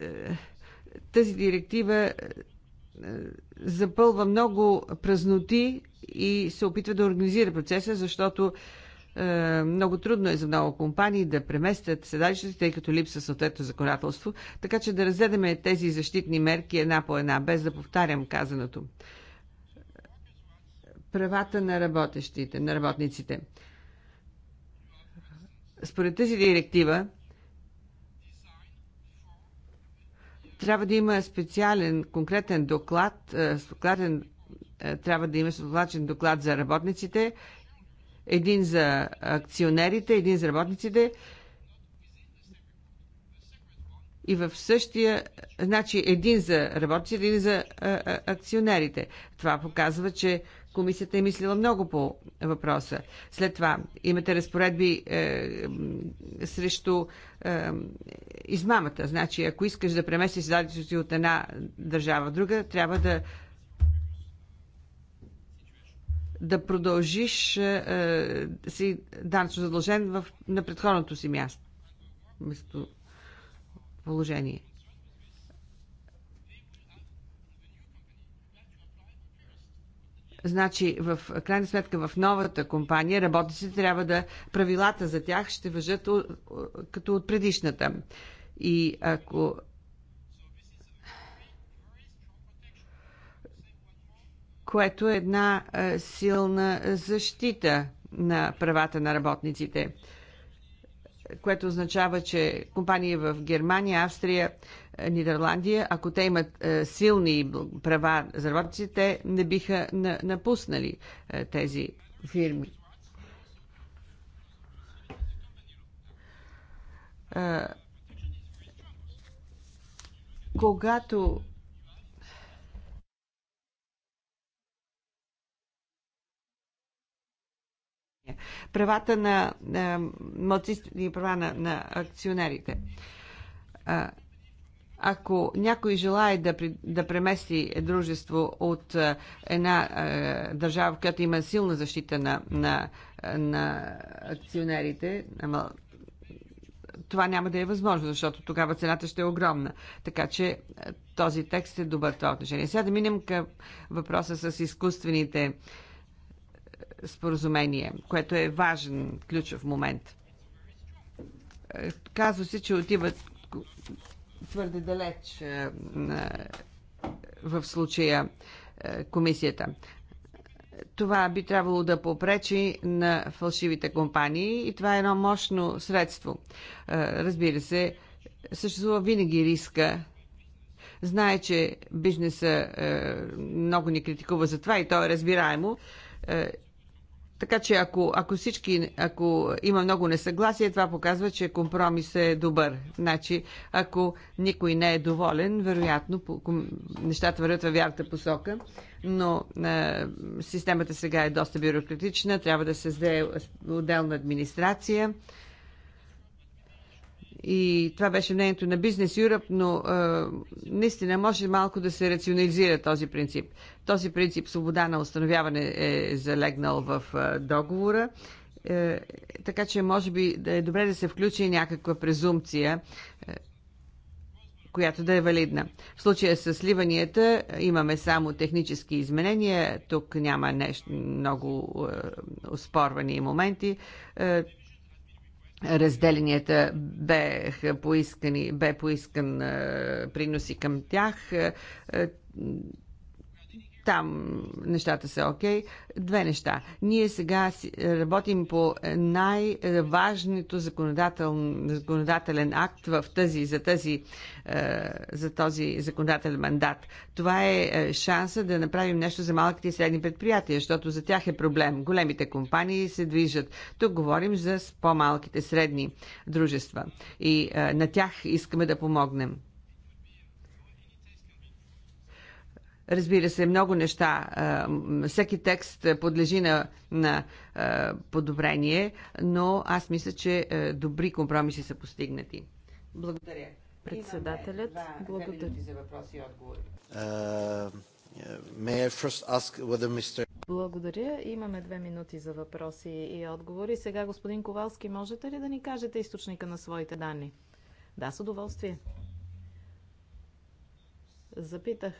C: е, тази директива запълва много празноти и се опитва да организира процеса, защото много трудно е за много компании да преместят седалищата, тъй като липса съответно законодателство, така че да разгледаме тези защитни мерки една по една, без да повтарям казаното. Правата на работещите, на работниците. Според тази директива трябва да има специален, конкретен доклад, конкретен, е, трябва да има съдоплачен доклад за работниците, един за акционерите, един за работниците. И в същия, значи един за работниците, един за е, е, акционерите. Това показва, че Комисията е мислила много по въпроса. След това имате разпоредби е, срещу е, измамата. Значи, ако искаш да преместиш задачето си от една държава в друга, трябва да да продължиш е, е си данъчно задължен в, на предходното си място. Вместо положение. Значи, в крайна сметка, в новата компания работниците трябва да правилата за тях ще въжат като от предишната. И ако което е една е, силна защита на правата на работниците което означава, че компании в Германия, Австрия, е, Нидерландия, ако те имат е, силни права за работници, те не биха напуснали е, тези фирми. Когато правата на, на права на, на акционерите. А, ако някой желая да, да премести дружество от една а, държава, в която има силна защита на, на, на акционерите, ама, това няма да е възможно, защото тогава цената ще е огромна. Така че този текст е добър това отношение. Сега да минем към въпроса с изкуствените споразумение, което е важен ключов момент. Е, казва се, че отиват твърде далеч е, в случая е, комисията. Това би трябвало да попречи на фалшивите компании и това е едно мощно средство. Разбира се, съществува винаги риска. Знае, че бизнеса много ни критикува за това и то е разбираемо така че ако, ако всички, ако има много несъгласие, това показва, че компромис е добър. Значи, ако никой не е доволен, вероятно нещата вървят във вярната посока, но а, е, системата сега е доста бюрократична, трябва да се създаде отделна администрация. И това беше мнението на Бизнес Юръп, но е, наистина може малко да се рационализира този принцип. Този принцип свобода на установяване е залегнал в е, договора. Е, така че може би да е добре да се включи някаква презумпция, е, която да е валидна. В случая с сливанията имаме само технически изменения, тук няма нещо, много е, оспорвани моменти. Е, разделенията бе поискани, бе поискан приноси към тях там нещата са окей. Okay. Две неща. Ние сега е, работим по най-важното законодател, законодателен акт в тази, за, тази, е, за този законодателен мандат. Това е, е шанса да направим нещо за малките и средни предприятия, защото за тях е проблем. Големите компании се движат. Тук говорим за по-малките средни дружества. И на тях искаме да помогнем. Разбира се, много неща. Всеки текст е, подлежи на, на подобрение, но аз мисля, че е, добри компромиси са постигнати. Благодаря. Председателят, благодаря.
A: Е, благодаря.
D: Имаме две минути за въпроси и отговори. Сега, господин Ковалски, можете ли да ни кажете източника на своите данни? Да, с удоволствие. Запитах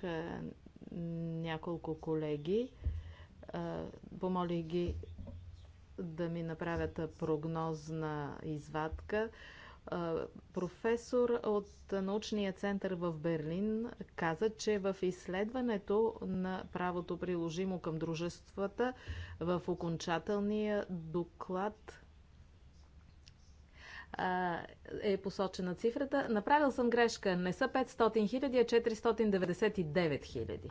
D: няколко колеги. Помолих ги да ми направят прогнозна извадка. Професор от научния център в Берлин каза, че в изследването на правото приложимо към дружествата в окончателния доклад е посочена цифрата. Направил съм грешка. Не са 500 хиляди, а 499 хиляди.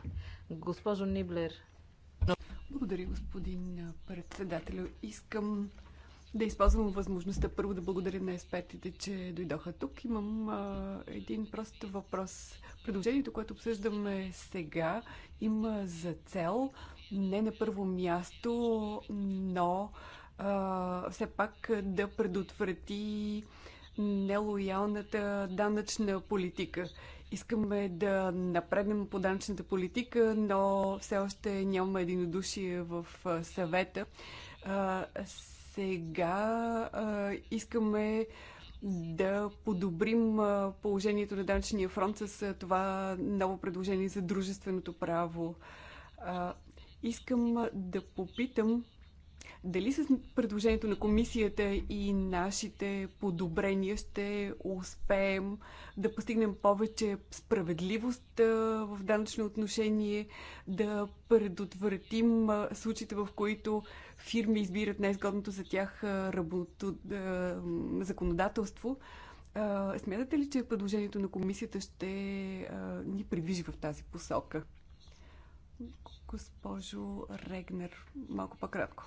D: Госпожо Ниблер.
B: Благодаря, господин председател. Искам да използвам възможността първо да благодаря на експертите, че дойдоха тук. Имам а, един прост въпрос. Предложението, което обсъждаме сега, има за цел не на първо място, но а, все пак да предотврати нелоялната данъчна политика. Искаме да напреднем по данъчната политика, но все още няма единодушие в съвета. А, сега а, искаме да подобрим положението на данъчния фронт с това ново предложение за дружественото право. Искам да попитам дали с предложението на комисията и нашите подобрения ще успеем да постигнем повече справедливост в данъчно отношение, да предотвратим случаите, в които фирми избират най-изгодното за тях работо... законодателство? Смятате ли, че предложението на комисията ще ни придвижи в тази посока? Госпожо Регнер, малко по-кратко.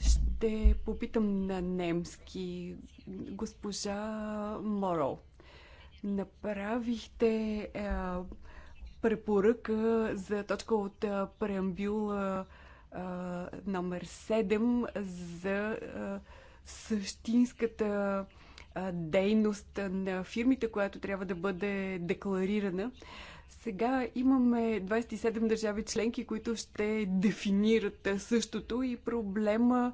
B: Ще попитам на немски госпожа Моро. Направихте а, препоръка за точка от а, преамбюла а, номер 7 за а, същинската а, дейност на фирмите, която трябва да бъде декларирана. А, сега имаме 27 държави членки, които ще дефинират същото и проблема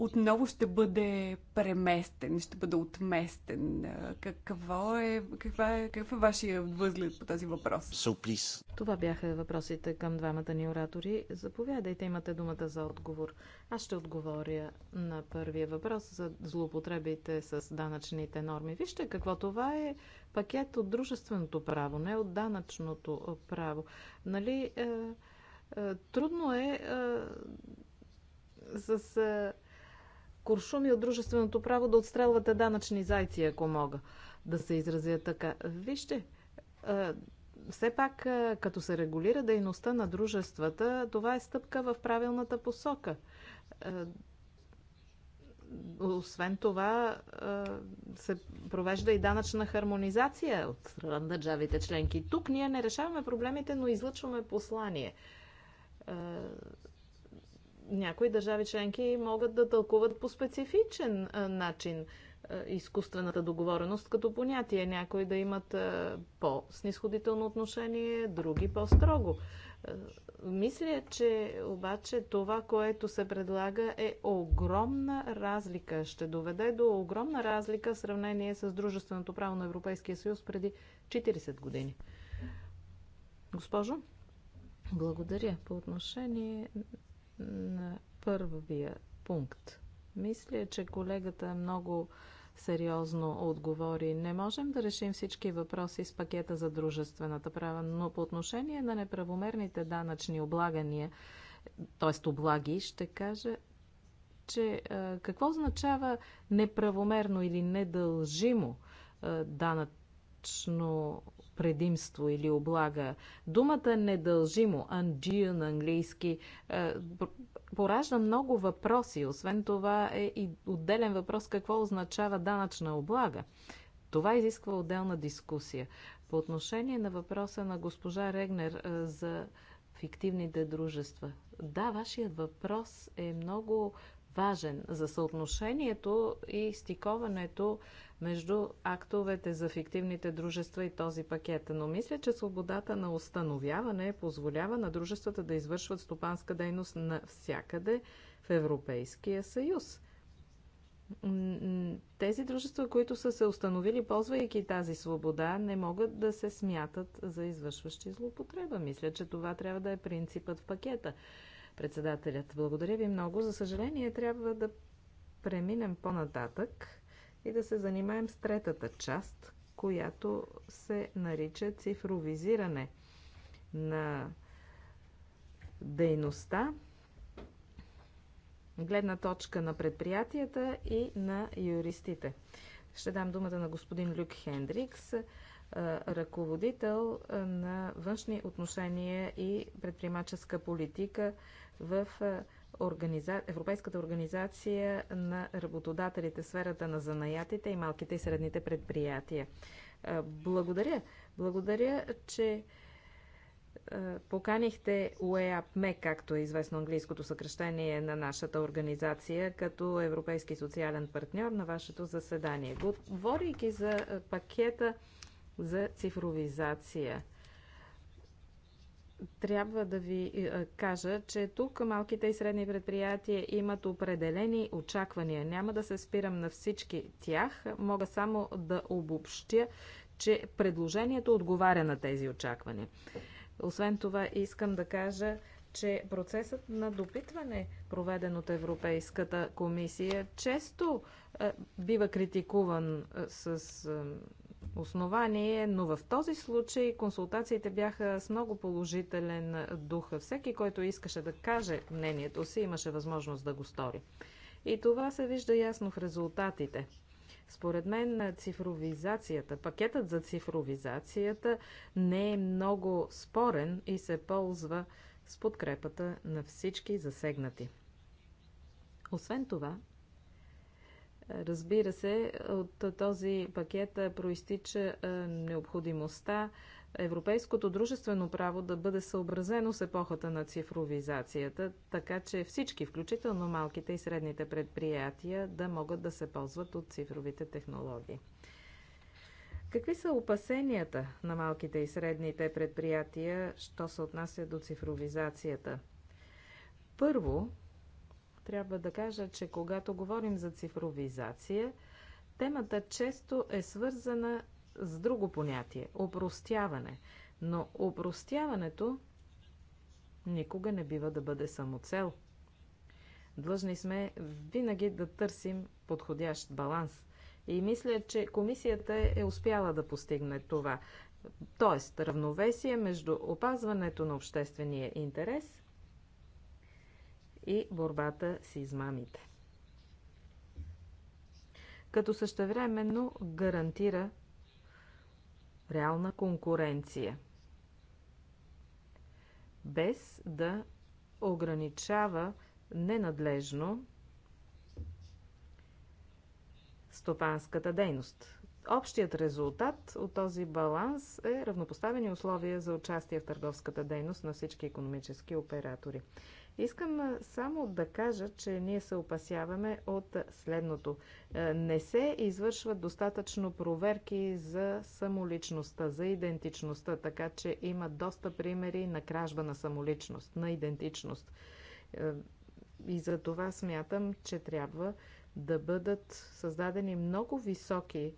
B: отново ще бъде преместен, ще бъде отместен. Какво е, каква е, какъв е вашия възглед по този въпрос? So,
D: Това бяха въпросите към двамата ни оратори. Заповядайте, имате думата за отговор. Аз ще отговоря на първия въпрос за злоупотребите с данъчните норми. Вижте какво това е пакет от дружественото право, не от данъчното право. Нали, е, е, трудно е, е с е, куршуми от дружественото право да отстрелвате данъчни зайци, ако мога да се изразя така. Вижте, все пак, като се регулира дейността на дружествата, това е стъпка в правилната посока. Освен това, се провежда и данъчна хармонизация от държавите членки. Тук ние не решаваме проблемите, но излъчваме послание някои държави членки могат да тълкуват по специфичен начин изкуствената договореност като понятие. Някои да имат по-снисходително отношение, други по-строго. Мисля, че обаче това, което се предлага е огромна разлика. Ще доведе до огромна разлика в сравнение с дружественото право на Европейския съюз преди 40 години. Госпожо, благодаря по отношение на първия пункт. Мисля, че колегата много сериозно отговори. Не можем да решим всички въпроси с пакета за дружествената права, но по отношение на неправомерните данъчни облагания, т.е. облаги, ще кажа, че какво означава неправомерно или недължимо данъчно предимство или облага. Думата недължимо, undue на английски, е, поражда много въпроси. Освен това е и отделен въпрос какво означава данъчна облага. Това изисква отделна дискусия. По отношение на въпроса на госпожа Регнер е, за фиктивните дружества. Да, вашият въпрос е много важен за съотношението и стиковането между актовете за фиктивните дружества и този пакет. Но мисля, че свободата на установяване позволява на дружествата да извършват стопанска дейност навсякъде в Европейския съюз. Тези дружества, които са се установили, ползвайки тази свобода, не могат да се смятат за извършващи злоупотреба. Мисля, че това трябва да е принципът в пакета. Председателят, благодаря ви много. За съжаление, трябва да преминем по-нататък и да се занимаем с третата част, която се нарича цифровизиране на дейността, гледна точка на предприятията и на юристите. Ще дам думата на господин Люк Хендрикс, ръководител на външни отношения и предприемаческа политика в организа... Европейската организация на работодателите сферата на занаятите и малките и средните предприятия. Благодаря. Благодаря, че поканихте УЕАПМЕ, както е известно английското съкрещение на нашата организация, като европейски социален партньор на вашето заседание. Говорейки за пакета за цифровизация. Трябва да ви е, е, кажа, че тук малките и средни предприятия имат определени очаквания. Няма да се спирам на всички тях. Мога само да обобщя, че предложението отговаря на тези очаквания. Освен това, искам да кажа, че процесът на допитване, проведен от Европейската комисия, често е, бива критикуван с основание, но в този случай консултациите бяха с много положителен дух. Всеки, който искаше да каже мнението си, имаше възможност да го стори. И това се вижда ясно в резултатите. Според мен цифровизацията, пакетът за цифровизацията не е много спорен и се ползва с подкрепата на всички засегнати. Освен това, Разбира се, от този пакет е, проистича е, необходимостта европейското дружествено право да бъде съобразено с епохата на цифровизацията, така че всички, включително малките и средните предприятия, да могат да се ползват от цифровите технологии. Какви са опасенията на малките и средните предприятия, що се отнася до цифровизацията? Първо, трябва да кажа, че когато говорим за цифровизация, темата често е свързана с друго понятие – опростяване. Но опростяването никога не бива да бъде самоцел. Длъжни сме винаги да търсим подходящ баланс. И мисля, че комисията е успяла да постигне това. Тоест, равновесие между опазването на обществения интерес и борбата с измамите. Като същевременно гарантира реална конкуренция, без да ограничава ненадлежно стопанската дейност. Общият резултат от този баланс е равнопоставени условия за участие в търговската дейност на всички економически оператори. Искам само да кажа, че ние се опасяваме от следното. Е, не се извършват достатъчно проверки за самоличността, за идентичността, така че има доста примери на кражба на самоличност, на идентичност. Е, и за това смятам, че трябва да бъдат създадени много високи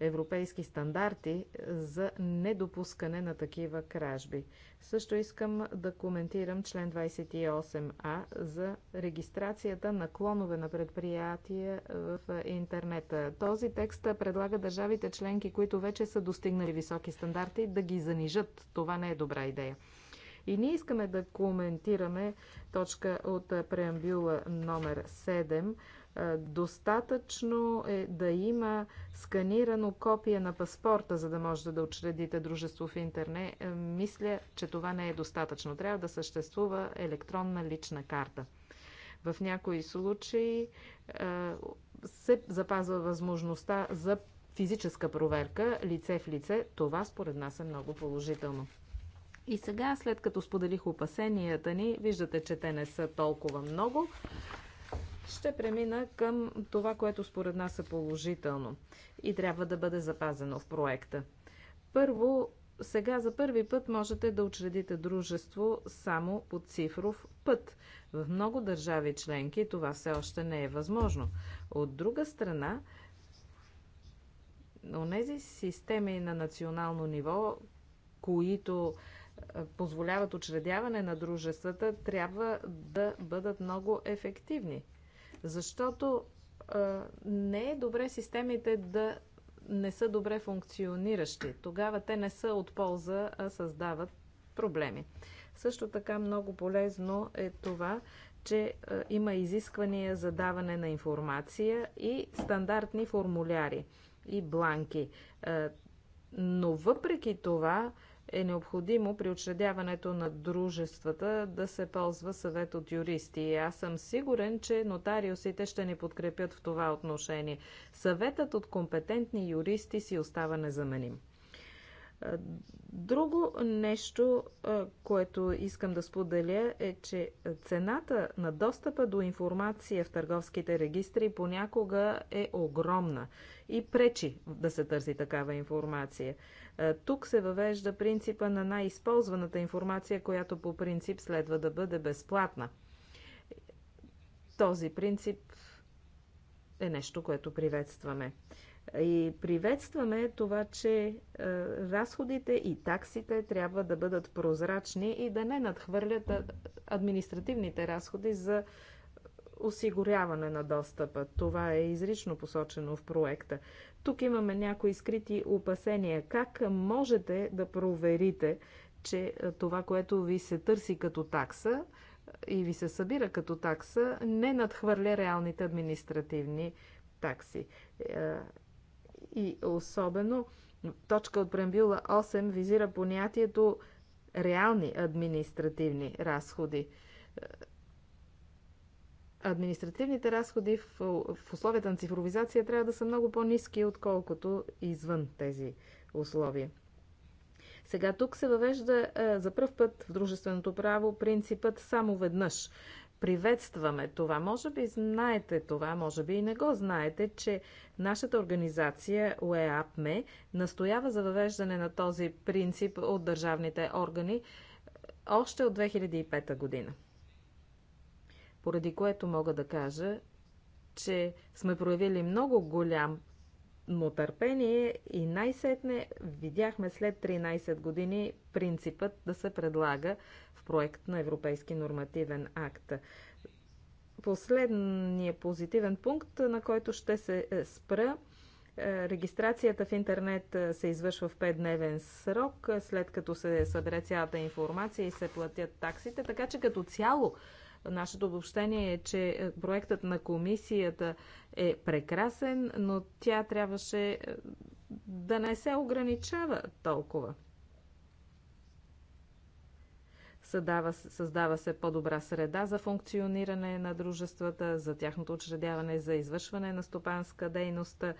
D: европейски стандарти е, за недопускане на такива кражби. Също искам да коментирам член 28а за регистрацията на клонове на предприятия в е, интернет. Този текст предлага държавите членки, които вече са достигнали високи стандарти, да ги занижат. Това не е добра идея. И ние искаме да коментираме точка от е, преамбюла номер 7 Достатъчно е да има сканирано копие на паспорта, за да можете да учредите дружество в интернет. Е, мисля, че това не е достатъчно. Трябва да съществува електронна лична карта. В някои случаи е, се запазва възможността за физическа проверка лице в лице. Това според нас е много положително. И сега, след като споделих опасенията ни, виждате, че те не са толкова много. Ще премина към това, което според нас е положително и трябва да бъде запазено в проекта. Първо, сега за първи път можете да учредите дружество само по цифров път. В много държави членки това все още не е възможно. От друга страна, онези системи на национално ниво, които е, позволяват учредяване на дружествата, трябва да бъдат много ефективни. Защото а, не е добре системите да не са добре функциониращи. Тогава те не са от полза, а създават проблеми. Също така много полезно е това, че а, има изисквания за даване на информация и стандартни формуляри и бланки. А, но въпреки това, е необходимо при учредяването на дружествата да се ползва съвет от юристи. И аз съм сигурен, че нотариусите ще ни подкрепят в това отношение. Съветът от компетентни юристи си остава незаменим. Друго нещо, което искам да споделя е, че цената на достъпа до информация в търговските регистри понякога е огромна и пречи да се търси такава информация. Е, тук се въвежда принципа на най-използваната информация, която по принцип следва да бъде безплатна. Този принцип е нещо, което приветстваме. И приветстваме това, че е, разходите и таксите трябва да бъдат прозрачни и да не надхвърлят административните разходи за осигуряване на достъпа. Това е изрично посочено в проекта. Тук имаме някои скрити опасения. Как можете да проверите, че е, това, което ви се търси като такса е, и ви се събира като такса, не надхвърля реалните административни такси? Е, и особено точка от прембюла 8 визира понятието реални административни разходи административните разходи в, в условията на цифровизация трябва да са много по-низки, отколкото извън тези условия. Сега тук се въвежда е, за първ път в дружественото право принципът само веднъж. Приветстваме това. Може би знаете това, може би и не го знаете, че нашата организация УЕАПМЕ настоява за въвеждане на този принцип от държавните органи е, още от 2005 година поради което мога да кажа, че сме проявили много голям но търпение и най-сетне видяхме след 13 години принципът да се предлага в проект на Европейски нормативен акт. Последният позитивен пункт, на който ще се е, спра, е, Регистрацията в интернет е, се извършва в 5-дневен срок, след като се събере цялата информация и се платят таксите, така че като цяло Нашето обобщение е, че е, проектът на комисията е прекрасен, но тя трябваше е, да не се ограничава толкова. Създава, създава се по-добра среда за функциониране на дружествата, за тяхното учредяване, за извършване на стопанска дейност. Е,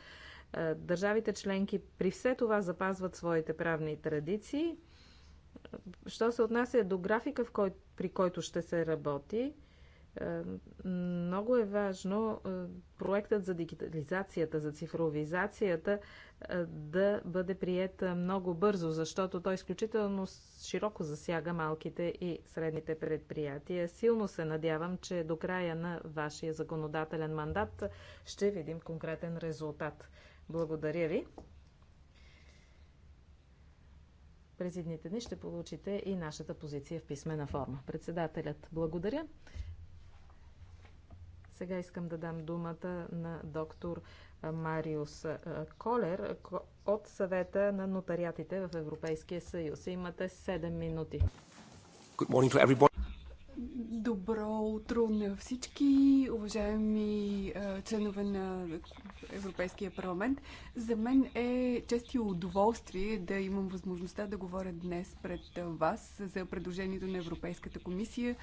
D: държавите членки при все това запазват своите правни традиции Що се отнася до графика, в кой, при който ще се работи, е, много е важно е, проектът за дигитализацията, за цифровизацията е, да бъде прият много бързо, защото той изключително широко засяга малките и средните предприятия. Силно се надявам, че до края на вашия законодателен мандат ще видим конкретен резултат. Благодаря ви през едните дни ще получите и нашата позиция в писмена форма. Председателят, благодаря. Сега искам да дам думата на доктор Мариус Колер от съвета на нотариатите в Европейския съюз. Имате 7 минути.
B: Добро утро на всички, уважаеми членове на Европейския парламент. За мен е чест и удоволствие да имам възможността да говоря днес пред вас за предложението на Европейската комисия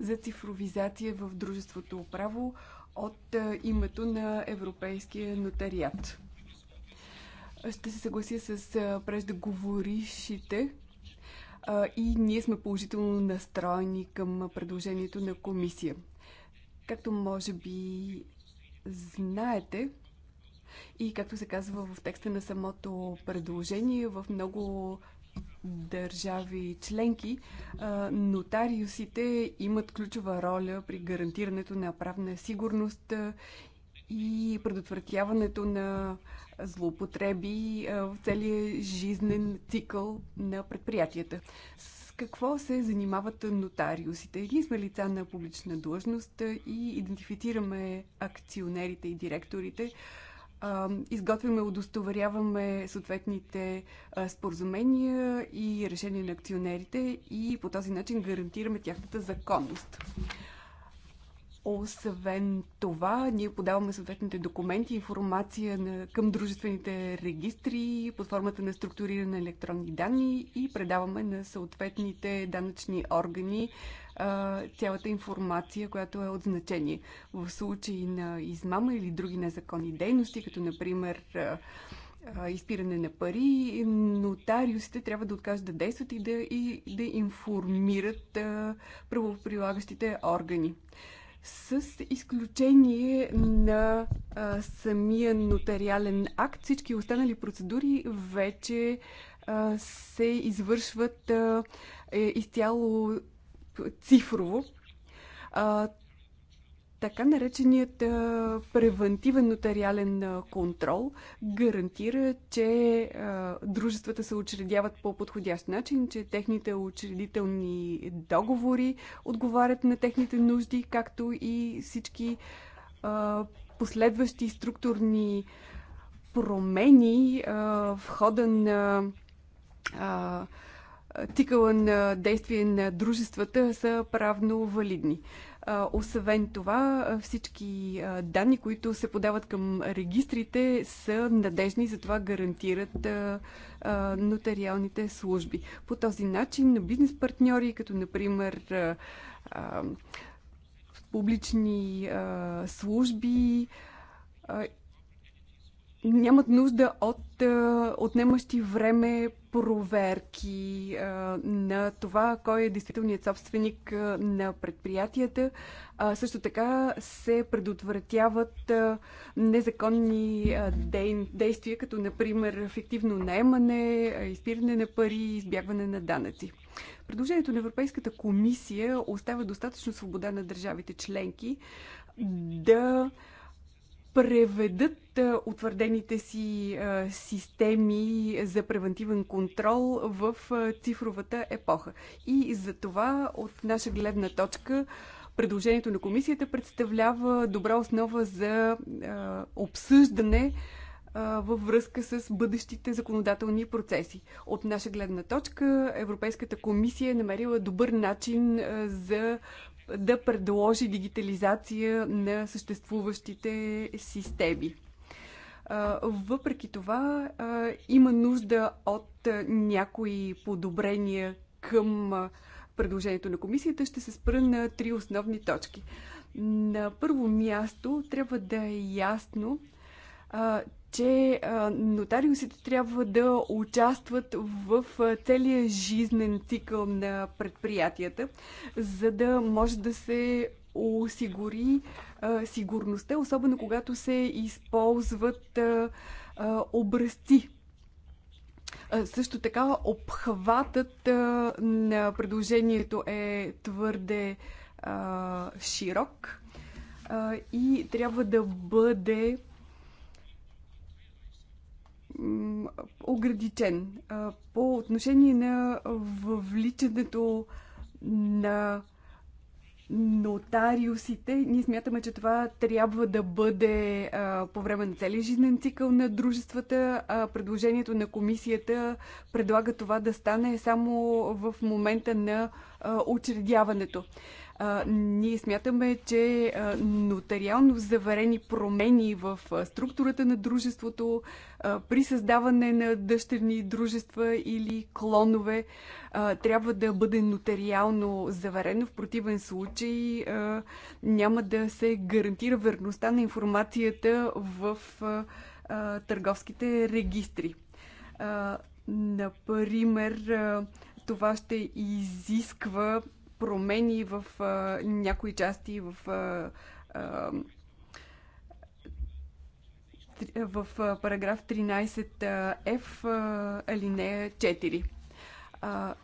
B: за цифровизация в дружеството право от името на Европейския нотариат. Ще се съглася с преждеговорившите, и ние сме положително настроени към предложението на комисия. Както може би знаете, и както се казва в текста на самото предложение, в много държави членки, нотариусите имат ключова роля при гарантирането на правна сигурност и предотвратяването на злоупотреби в целия жизнен цикъл на предприятията. С какво се занимават нотариусите? Ние сме лица на публична длъжност и идентифицираме акционерите и директорите. Изготвяме, удостоверяваме съответните споразумения и решения на акционерите и по този начин гарантираме тяхната законност. Освен това, ние подаваме съответните документи, информация на, към дружествените регистри под формата на структуриране на електронни данни и предаваме на съответните данъчни органи а, цялата информация, която е от значение. В случай на измама или други незаконни дейности, като например изпиране на пари, нотариусите трябва да откажат да действат и да, и да информират правоприлагащите органи с изключение на а, самия нотариален акт. Всички останали процедури вече а, се извършват а, е, изцяло цифрово. А, така нареченият превентивен нотариален контрол гарантира, че дружествата се учредяват по подходящ начин, че техните учредителни договори отговарят на техните нужди, както и всички последващи структурни промени в хода на тикъла на действие на дружествата са правно валидни. Освен това, всички данни, които се подават към регистрите, са надежни и затова гарантират нотариалните служби. По този начин бизнес партньори, като например публични служби нямат нужда от отнемащи време проверки на това кой е действителният собственик на предприятията. Също така се предотвратяват незаконни действия, като например фиктивно наемане, изпиране на пари, избягване на данъци. Предложението на Европейската комисия остава достатъчно свобода на държавите членки да преведат утвърдените си системи за превентивен контрол в цифровата епоха. И за това от наша гледна точка предложението на комисията представлява добра основа за обсъждане във връзка с бъдещите законодателни процеси. От наша гледна точка Европейската комисия е намерила добър начин за да предложи дигитализация на съществуващите системи. Въпреки това, има нужда от някои подобрения към предложението на комисията. Ще се спра на три основни точки. На първо място трябва да е ясно, че нотариусите трябва да участват в целия жизнен цикъл на предприятията, за да може да се осигури сигурността, особено когато се използват образци също така обхватът на предложението е твърде широк и трябва да бъде ограничен. По отношение на въвличането на нотариусите, ние смятаме, че това трябва да бъде по време на целия жизнен цикъл на дружествата. предложението на комисията предлага това да стане само в момента на учредяването. А, ние смятаме, че а, нотариално заварени промени в а, структурата на дружеството, а, при създаване на дъщерни дружества или клонове, а, трябва да бъде нотариално заварено. В противен случай а, няма да се гарантира верността на информацията в а, а, търговските регистри. А, например, а, това ще изисква промени в а, някои части в. А, а, в параграф 13F алинея 4. А,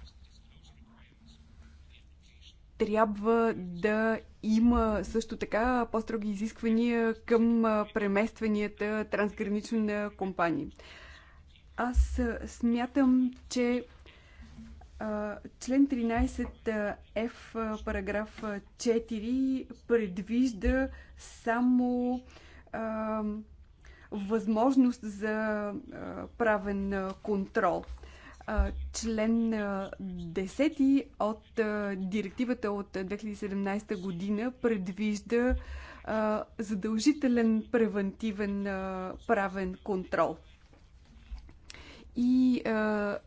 B: трябва да има също така по-строги изисквания към преместванията трансгранично на компании. Аз смятам, че Член 13F, параграф 4, предвижда само а, възможност за а, правен контрол. А, член 10 от а, директивата от 2017 година предвижда а, задължителен превентивен а, правен контрол. И а,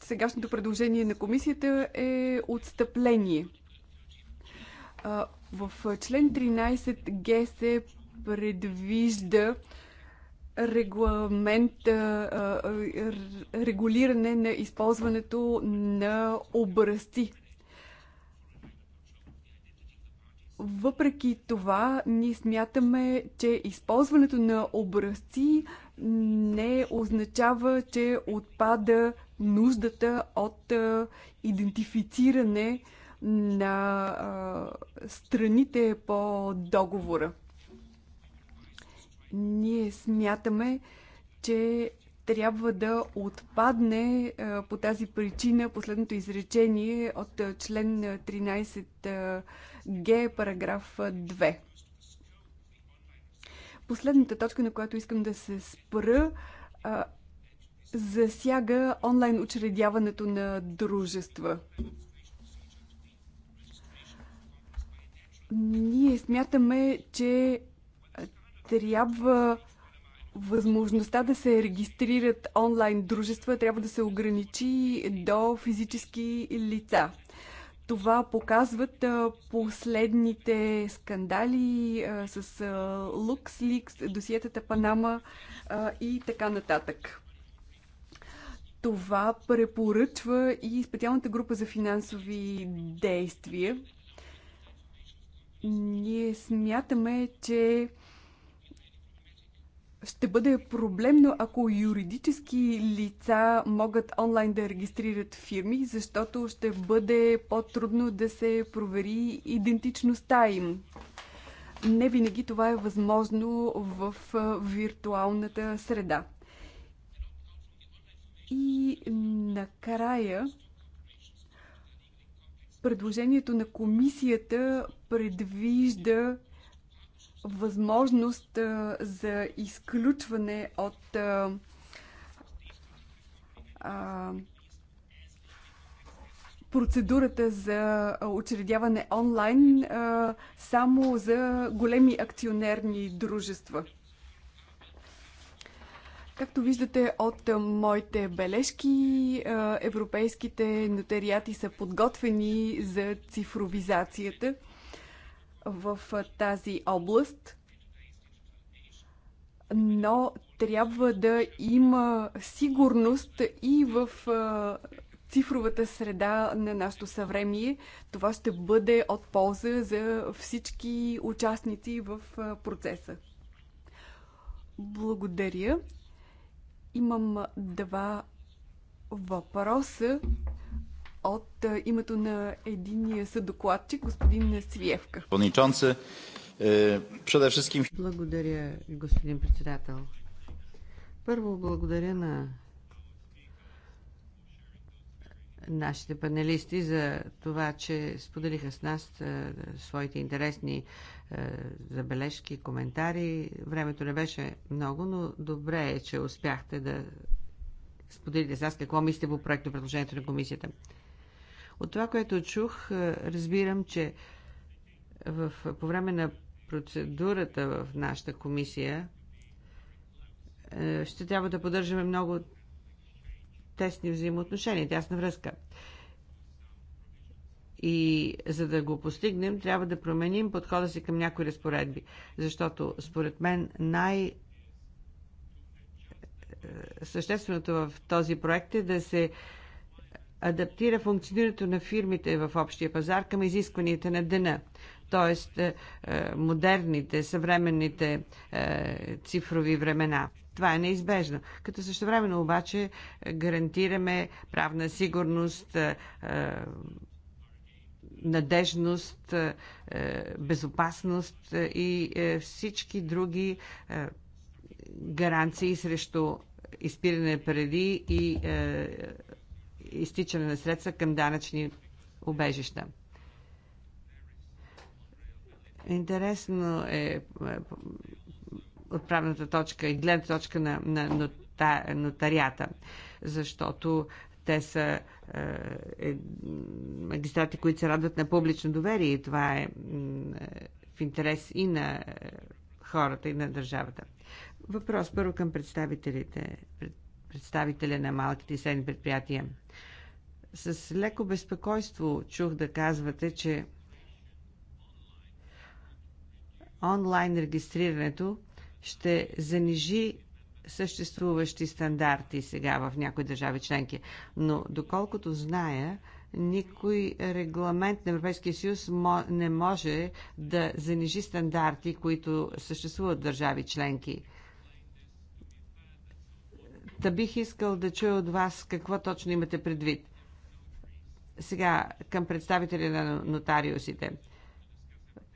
B: сегашното предложение на комисията е отстъпление. В член 13 Г се предвижда регламент, регулиране на използването на образци. Въпреки това, ние смятаме, че използването на образци не означава, че отпада нуждата от идентифициране на страните по договора. Ние смятаме, че трябва да отпадне по тази причина последното изречение от член 13г, параграф 2. Последната точка, на която искам да се спра, а, засяга онлайн учредяването на дружества. Ние смятаме, че трябва възможността да се регистрират онлайн дружества трябва да се ограничи до физически лица. Това показват последните скандали с LuxLeaks, досиетата Панама и така нататък. Това препоръчва и специалната група за финансови действия. Ние смятаме, че ще бъде проблемно, ако юридически лица могат онлайн да регистрират фирми, защото ще бъде по-трудно да се провери идентичността им. Не винаги това е възможно в виртуалната среда. И накрая предложението на комисията предвижда възможност за изключване от процедурата за учредяване онлайн само за големи акционерни дружества. Както виждате от моите бележки, европейските нотариати са подготвени за цифровизацията в тази област, но трябва да има сигурност и в цифровата среда на нашето съвремие. Това ще бъде от полза за всички участници в процеса. Благодаря. Имам два въпроса от е, името на единия съдокладчик, господин Свиевка.
A: Е,
C: благодаря, господин председател. Първо благодаря на нашите панелисти за това, че споделиха с нас е, своите интересни забележки, коментари. Времето не беше много, но добре е, че успяхте да споделите с нас какво мислите по проекто предложението на комисията. От това, което чух, е, разбирам, че в, по време на процедурата в нашата комисия е, ще трябва да поддържаме много тесни взаимоотношения, тясна връзка. И за да го постигнем, трябва да променим подхода си към някои разпоредби. Защото, според мен, най- е, същественото в този проект е да се адаптира функционирането на фирмите в общия пазар към изискванията на дена. Тоест, е, е, модерните, съвременните е, цифрови времена. Това е неизбежно. Като същевременно обаче гарантираме правна сигурност, надежност, безопасност и всички други гаранции срещу изпиране преди и изтичане на средства към данъчни убежища. Интересно е, е отправната точка и гледната точка на, на нота, нотарията, защото те са е, е, магистрати, които се радват на публично доверие и това е, е в интерес и на е, хората, и на държавата. Въпрос първо към представителите, представителя на малките и средни предприятия. С леко безпокойство чух да казвате, че онлайн регистрирането ще занижи съществуващи стандарти сега в някои държави членки. Но доколкото зная, никой регламент на Европейския съюз не може да занижи стандарти, които съществуват в държави членки Та бих искал да чуя от вас какво точно имате предвид. Сега към представители на нотариусите.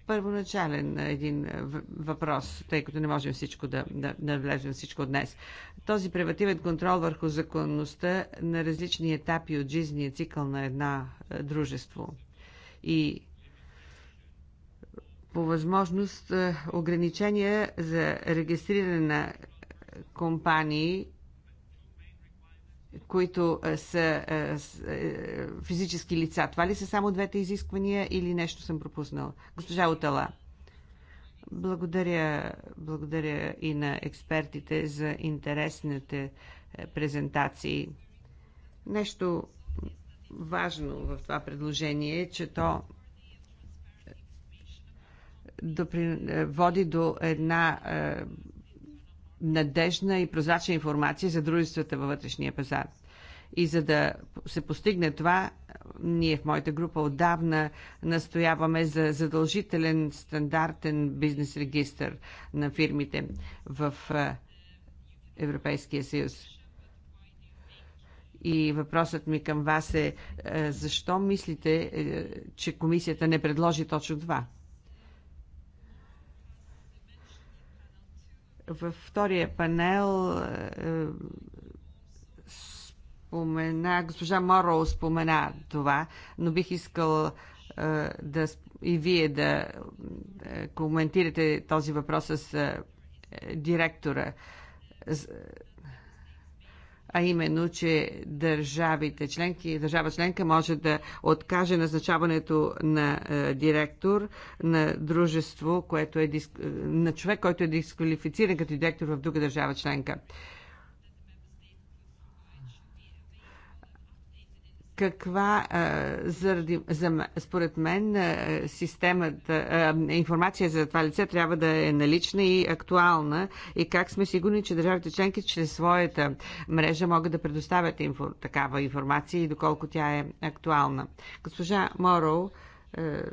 C: Първоначален един въпрос, тъй като не можем всичко да, да, да влезем всичко днес. Този превативен контрол върху законността на различни етапи от жизния цикъл на една дружество и по възможност ограничения за регистриране на компании които е, са е, е, физически лица. Това ли са само двете изисквания или нещо съм пропуснал? Госпожа Отала. Благодаря, благодаря и на експертите за интересните презентации. Нещо важно в това предложение е, че то води до една надежна и прозрачна информация за дружествата във вътрешния пазар. И за да се постигне това, ние в моята група отдавна настояваме за задължителен стандартен бизнес регистр на фирмите в Европейския съюз. И въпросът ми към вас е, защо мислите, е, че комисията не предложи точно това? Във втория панел е, е, спомена, госпожа Моро спомена това, но бих искал е, да и вие да коментирате този въпрос с директора а именно, че държавите членки, държава членка може да откаже назначаването на е, директор на дружество, което е, е, на човек, който е дисквалифициран като директор в друга държава членка. каква заради, за, според мен системата, информация за това лице трябва да е налична и актуална и как сме сигурни, че държавите членки чрез своята мрежа могат да предоставят инфо, такава информация и доколко тя е актуална. Госпожа Мороу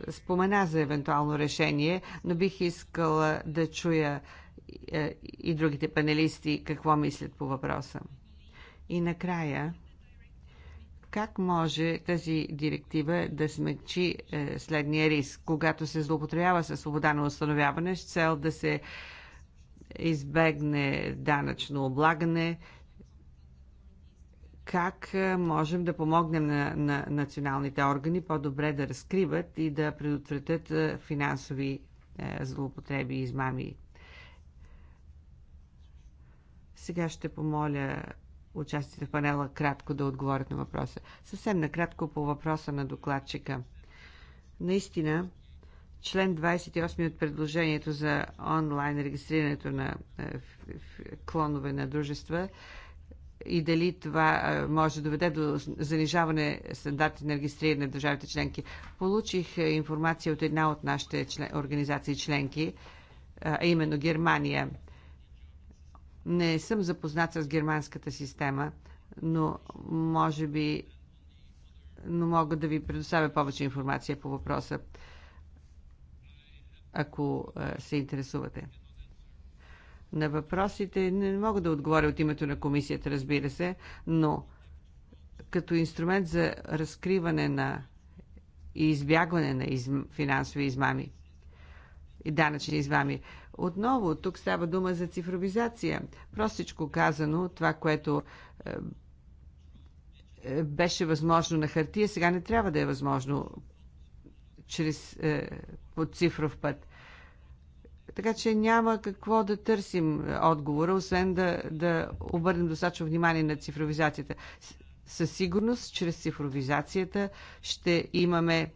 C: спомена за евентуално решение, но бих искала да чуя и другите панелисти какво мислят по въпроса. И накрая, как може тази директива да смечи е, следния риск, когато се злоупотребява със свобода на установяване с цел да се избегне данъчно облагане, как е, можем да помогнем на, на националните органи по-добре да разкриват и да предотвратят е, финансови е, злоупотреби и измами. Сега ще помоля участите в панела кратко да отговорят на въпроса. Съвсем накратко по въпроса на докладчика. Наистина, член 28 от предложението за онлайн регистрирането на е, клонове на дружества и дали това е, може да доведе до занижаване стандарти на регистриране на държавите членки. Получих е, информация от една от нашите член, организации членки, а именно Германия. Не съм запознат с германската система, но може би но мога да ви предоставя повече информация по въпроса, ако е, се интересувате. На въпросите не мога да отговоря от името на комисията, разбира се, но като инструмент за разкриване на и избягване на из... финансови измами и данъчни измами. Отново, тук става дума за цифровизация. Простичко казано, това, което е, е, беше възможно на хартия, сега не трябва да е възможно чрез, е, по цифров път. Така че няма какво да търсим е, отговора, освен да, да обърнем достатъчно внимание на цифровизацията. Със сигурност, чрез цифровизацията ще имаме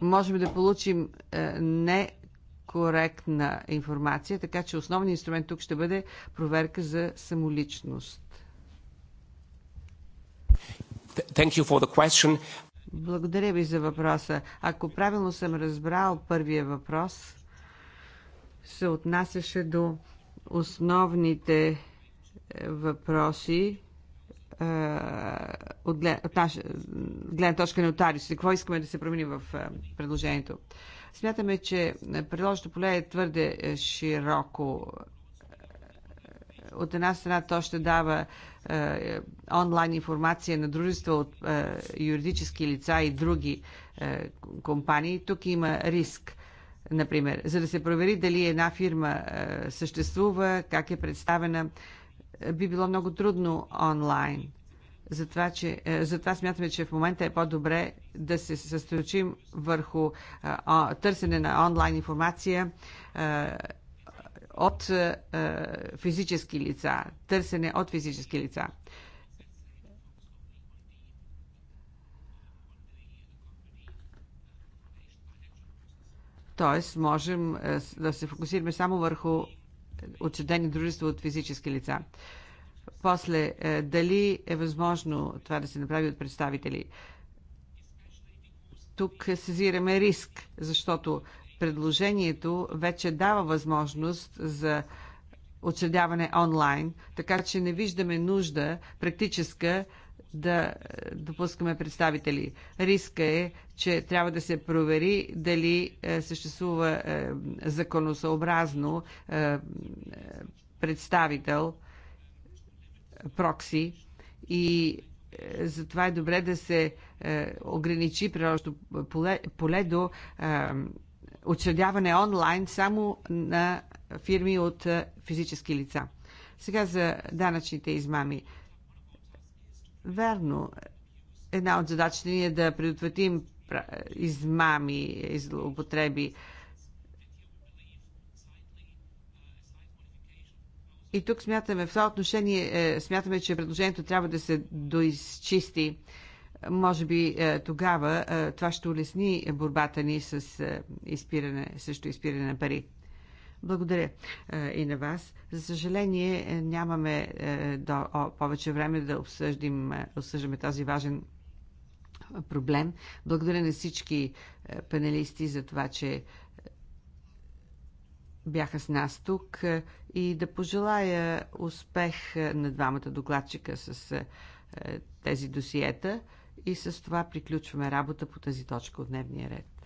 C: можем да получим е, некоректна информация, така че основният инструмент тук ще бъде проверка за самоличност.
A: Thank you for the question.
C: Благодаря ви за въпроса. Ако правилно съм разбрал, първия въпрос се отнасяше до основните е, въпроси, е, от, от наша гледна точка на нотариусите. Какво искаме да се промени в е, предложението? Смятаме, че предложението поле е твърде е, широко. От една страна то ще дава онлайн информация на дружества от юридически лица и други компании. Тук има риск например, за да се провери дали една фирма съществува, как е представена би било много трудно онлайн. Затова, че, е, затова смятаме, че в момента е по-добре да се съсредоточим върху търсене на онлайн информация е, от е, физически лица. Търсене от физически лица. Тоест, можем да се фокусираме само върху отчетени дружества от физически лица. После, е, дали е възможно това да се направи от представители? Тук сезираме риск, защото предложението вече дава възможност за учредяване онлайн, така че не виждаме нужда практическа да допускаме представители. Риска е, че трябва да се провери дали е, съществува е, законосъобразно е, представител, прокси и затова е добре да се ограничи природното поле, поле до учредяване онлайн само на фирми от физически лица. Сега за данъчните измами. Верно, една от задачите ни е да предотвратим измами, злоупотреби. И тук смятаме, в това отношение е, смятаме, че предложението трябва да се доизчисти. Може би е, тогава е, това ще улесни борбата ни с изпиране, срещу изпиране на пари. Благодаря е, и на вас. За съжаление, е, нямаме е, до, о, повече време да обсъждим, обсъждаме този важен проблем. Благодаря на всички панелисти за това, че бяха с нас тук и да пожелая успех на двамата докладчика с тези досиета и с това приключваме работа по тази точка от дневния ред.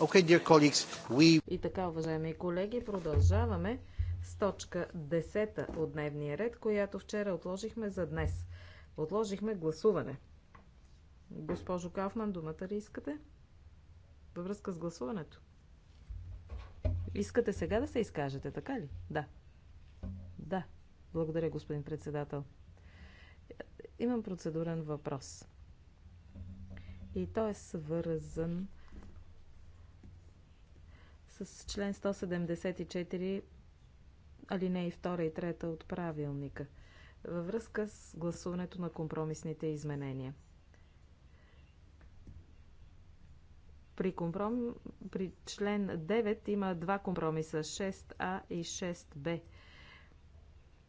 D: Okay, dear colleagues, we... И така, уважаеми колеги, продължаваме с точка 10 от дневния ред, която вчера отложихме за днес. Отложихме гласуване. Госпожо Кафман, думата ли искате? Във връзка с гласуването. Искате сега да се изкажете, така ли? Да. Да. Благодаря, господин председател. Имам процедурен въпрос. И той е свързан с член 174 алинеи 2 и 3 от правилника във връзка с гласуването на компромисните изменения. При, компром... При член 9 има два компромиса 6А и 6Б.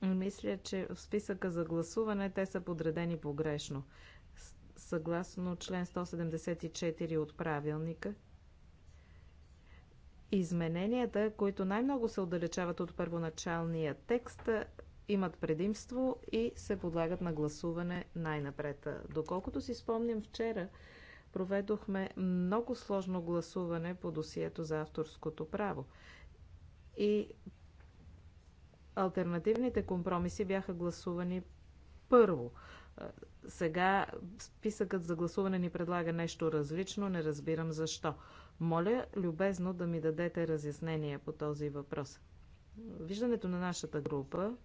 D: Мисля, че в списъка за гласуване те са подредени погрешно. Съгласно член 174 от правилника, Измененията, които най-много се отдалечават от първоначалния текст, имат предимство и се подлагат на гласуване най-напред. Доколкото си спомням вчера, проведохме много сложно гласуване по досието за авторското право. И альтернативните компромиси бяха гласувани първо. Сега списъкът за гласуване ни предлага нещо различно, не разбирам защо. Моля любезно да ми дадете разяснение по този въпрос. Виждането на нашата група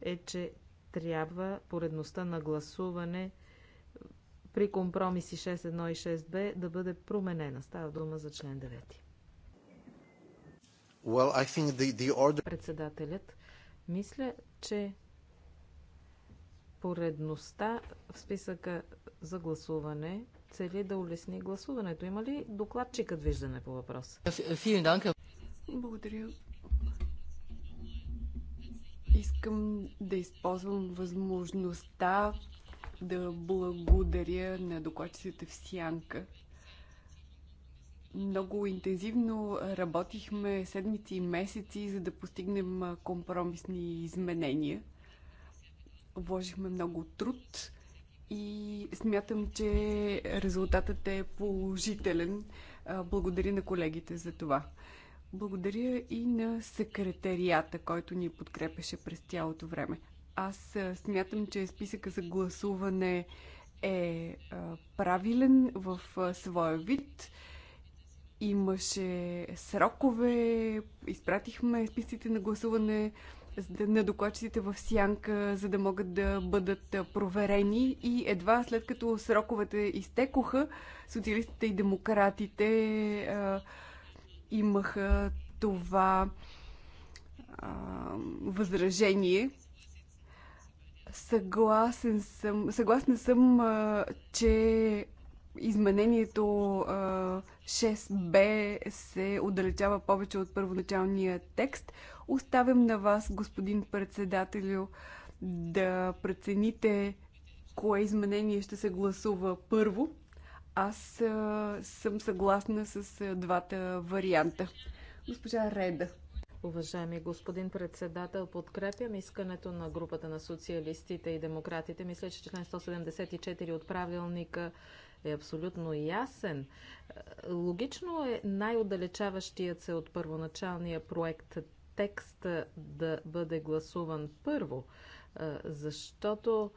D: е, че трябва поредността на гласуване при компромиси 6.1 и 6.2 да бъде променена. Става дума за член 9.
A: Well, I think the, the order... Председателят, мисля, че
D: поредността в списъка за гласуване цели да улесни гласуването. Има ли докладчикът виждане по въпрос?
B: Благодаря. Искам да използвам възможността да благодаря на докладчиците в Сянка. Много интензивно работихме седмици и месеци, за да постигнем компромисни изменения. Вложихме много труд и смятам, че резултатът е положителен. Благодаря на колегите за това. Благодаря и на секретарията, който ни подкрепеше през цялото време. Аз смятам, че списъка за гласуване е правилен в своя вид. Имаше срокове, изпратихме списъците на гласуване на докладчиците в сянка, за да могат да бъдат проверени и едва след като сроковете изтекоха, социалистите и демократите а, имаха това а, възражение. Съгласен съм, съгласна съм, а, че изменението 6b се отдалечава повече от първоначалния текст. Оставям на вас, господин председателю, да прецените кое изменение ще се гласува първо. Аз съм съгласна с двата варианта. Госпожа Реда.
D: Уважаеми господин председател, подкрепям искането на групата на социалистите и демократите. Мисля, че член 174 от правилника е абсолютно ясен. Логично е най-отдалечаващият се от първоначалния проект текст да бъде гласуван първо, защото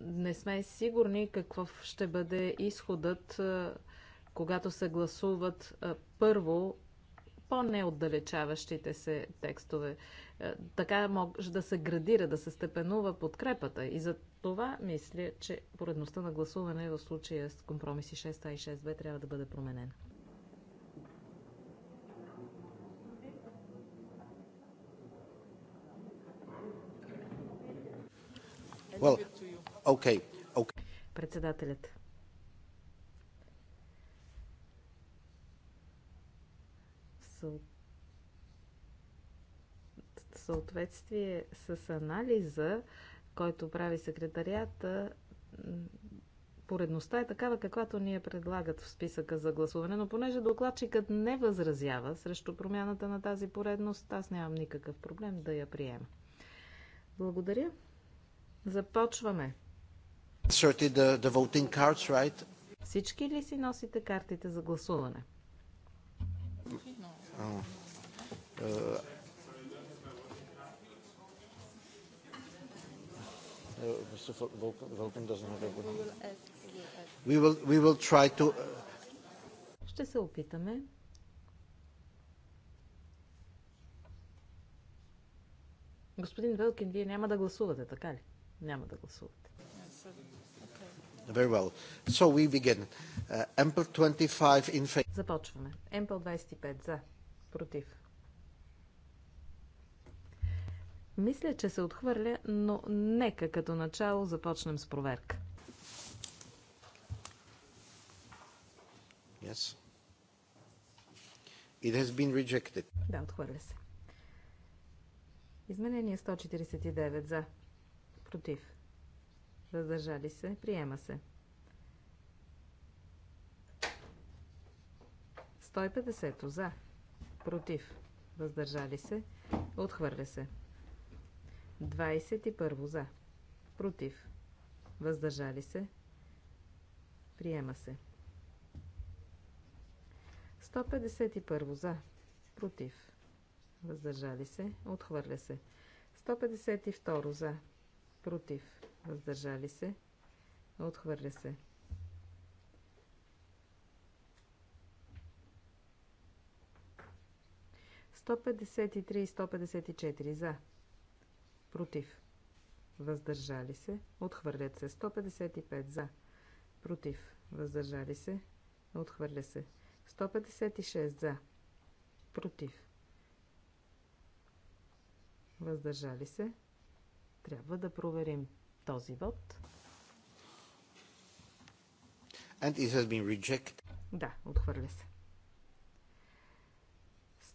D: не сме сигурни какво ще бъде изходът, когато се гласуват първо по-неотдалечаващите се текстове. Е, така може да се градира, да се степенува подкрепата. И за това мисля, че поредността на гласуване в случая с компромиси 6А и 6Б трябва да бъде променена.
A: Well, okay, okay. Председателят.
D: съответствие с анализа, който прави секретарията, поредността е такава, каквато ни я предлагат в списъка за гласуване, но понеже докладчикът не възразява срещу промяната на тази поредност, аз нямам никакъв проблем да я приема. Благодаря. Започваме.
A: The, the cards, right?
D: Всички ли си носите картите за гласуване?
E: No.
A: Oh. Uh, Uh, Mr. Vulcan, Vulcan doesn't have a good... We will, we will try to...
D: Ще се опитаме. Господин Велкин, вие няма да гласувате, така ли?
A: Няма да гласувате. Very well. So we begin. Uh, Ample 25 in... Започваме.
D: Ample 25 за. Против. Мисля, че се отхвърля, но нека като начало започнем с проверка.
A: Yes. It has been rejected.
D: Да, отхвърля се. Изменение 149 за. Против. Въздържали се. Приема се. 150 за против, въздържали се, отхвърля се. 21 за, против, въздържали се, приема се. 151 за, против, въздържали се, отхвърля се. 152 за, против, въздържали се, отхвърля се. 153 и 154 за. Против. Въздържали се. Отхвърлят се. 155 за. Против. Въздържали се. Отхвърля се. 156 за. Против. Въздържали се. Трябва да проверим този вод.
A: And it has been rejected.
D: Да, отхвърля се.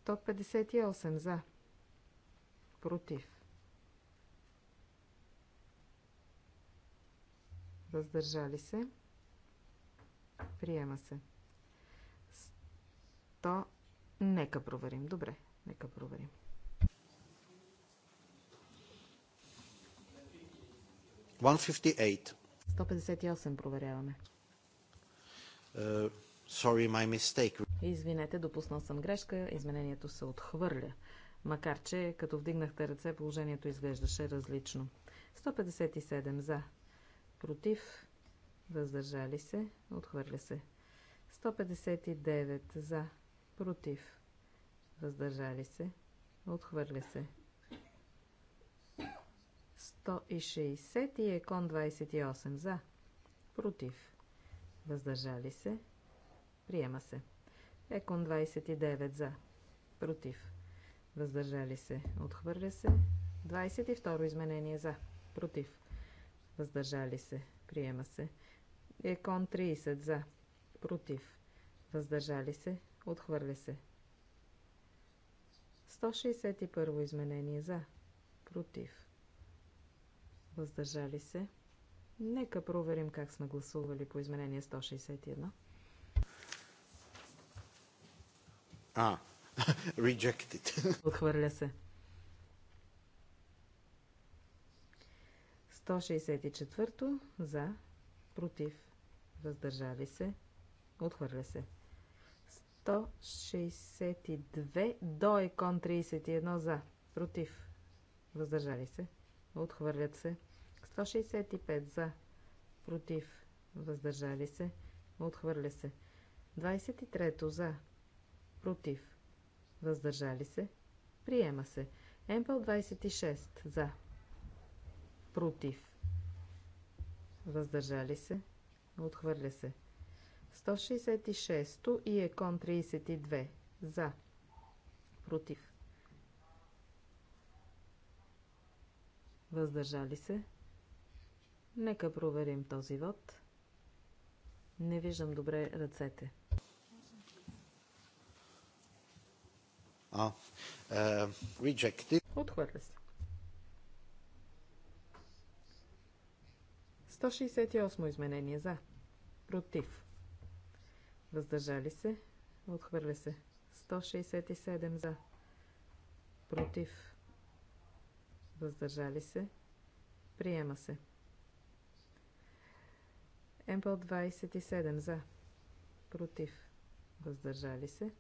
D: 158 за. Против. Въздържали се. Приема се. 100. Нека проверим. Добре, нека проверим.
A: One
D: 158 проверяваме.
A: Uh, sorry, my mistake.
D: Извинете, допуснал съм грешка, изменението се отхвърля. Макар че, като вдигнахте ръце, положението изглеждаше различно. 157 за. Против. Въздържали се. Отхвърля се. 159 за. Против. Въздържали се. Отхвърля се. 160 и Екон 28 за. Против. Въздържали се. Приема се. Екон 29 за. Против. Въздържали се. Отхвърля се. 22 изменение за. Против. Въздържали се. Приема се. Екон 30 за. Против. Въздържали се. Отхвърля се. 161 изменение за. Против. Въздържали се. Нека проверим как сме гласували по изменение 161.
A: А, rejected.
D: Отхвърля се. 164 за, против, въздържали се, отхвърля се. 162 до икон 31 за, против, въздържали се, отхвърлят се. 165 за, против, въздържали се, отхвърля се. 23 за, против, въздържали се, приема се. Емпъл 26 за, против, въздържали се, отхвърля се. 166 и Екон 32 за, против, въздържали се. Нека проверим този вод. Не виждам добре ръцете.
A: А, е, rejected. Отхвърля се.
D: 168 изменение за. Против. Въздържали се. Отхвърля се. 167 за. Против. Въздържали се. Приема се. МПЛ 27 за. Против. Въздържали се.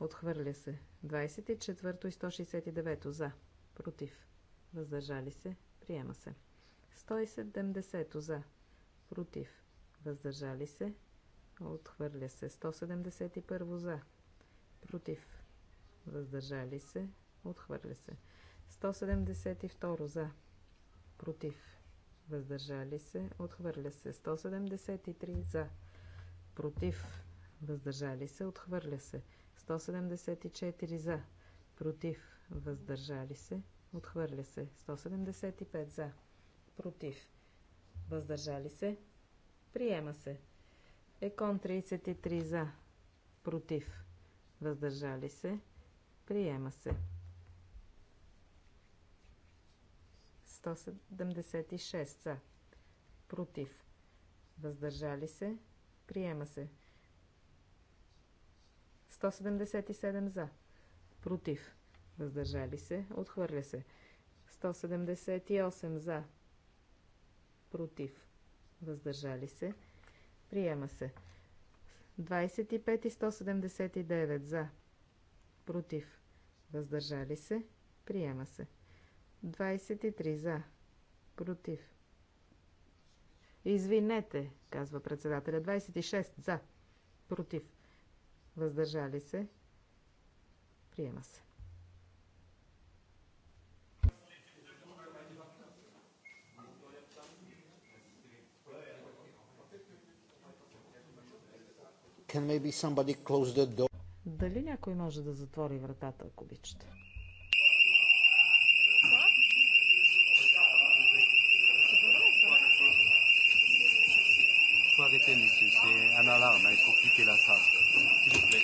D: Отхвърля се. 24 и 169 за. Против. Въздържали се. Приема се. 170 за. Против. Въздържали се. Отхвърля се. 171 за. Против. Въздържали се. Отхвърля се. 172 за. Против. Въздържали се. Отхвърля се. 173 за. Против. Въздържали се. Отхвърля се. 174 за, против, въздържали се, отхвърля се. 175 за, против, въздържали се, приема се. Екон 33 за, против, въздържали се, приема се. 176 за, против, въздържали се, приема се. 177 за. Против. Въздържали се. Отхвърля се. 178 за. Против. Въздържали се. Приема се. 25 и 179 за. Против. Въздържали се. Приема се. 23 за. Против. Извинете, казва председателя. 26 за. Против въздържали се, приема се.
A: Can maybe somebody close the door?
D: Дали някой може да затвори вратата, ако обичате?
A: arrêter, monsieur. C'est un alarme. Il faut quitter la salle.
F: S'il vous plaît.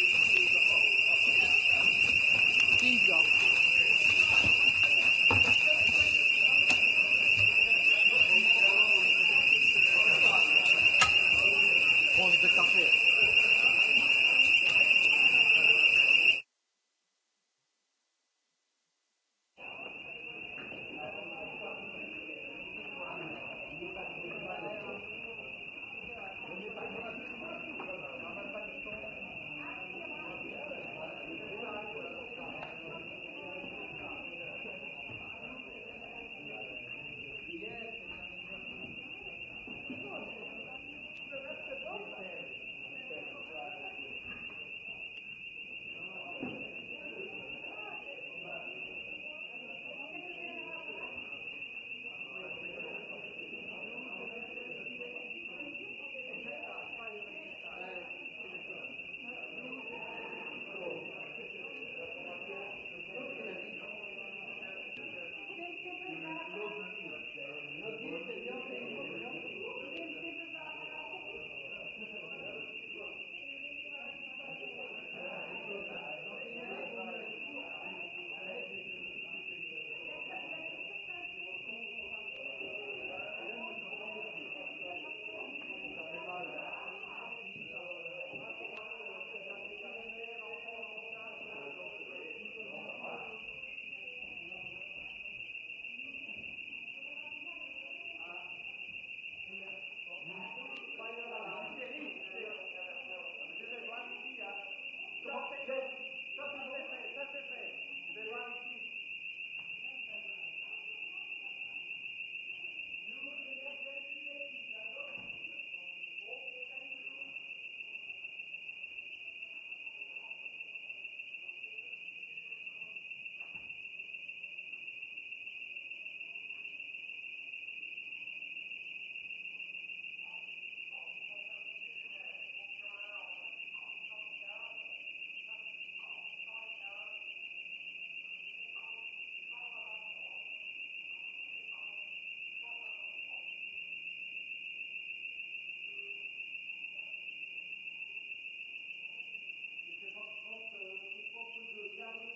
F: Gracias.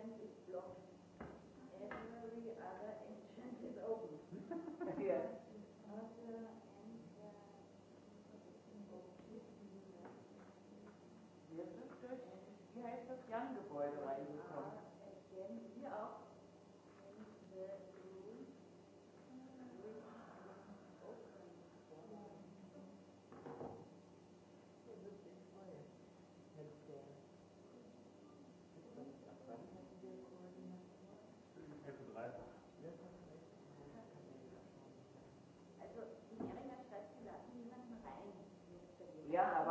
G: entrance is Every other is open. das reingekommen.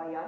G: zwei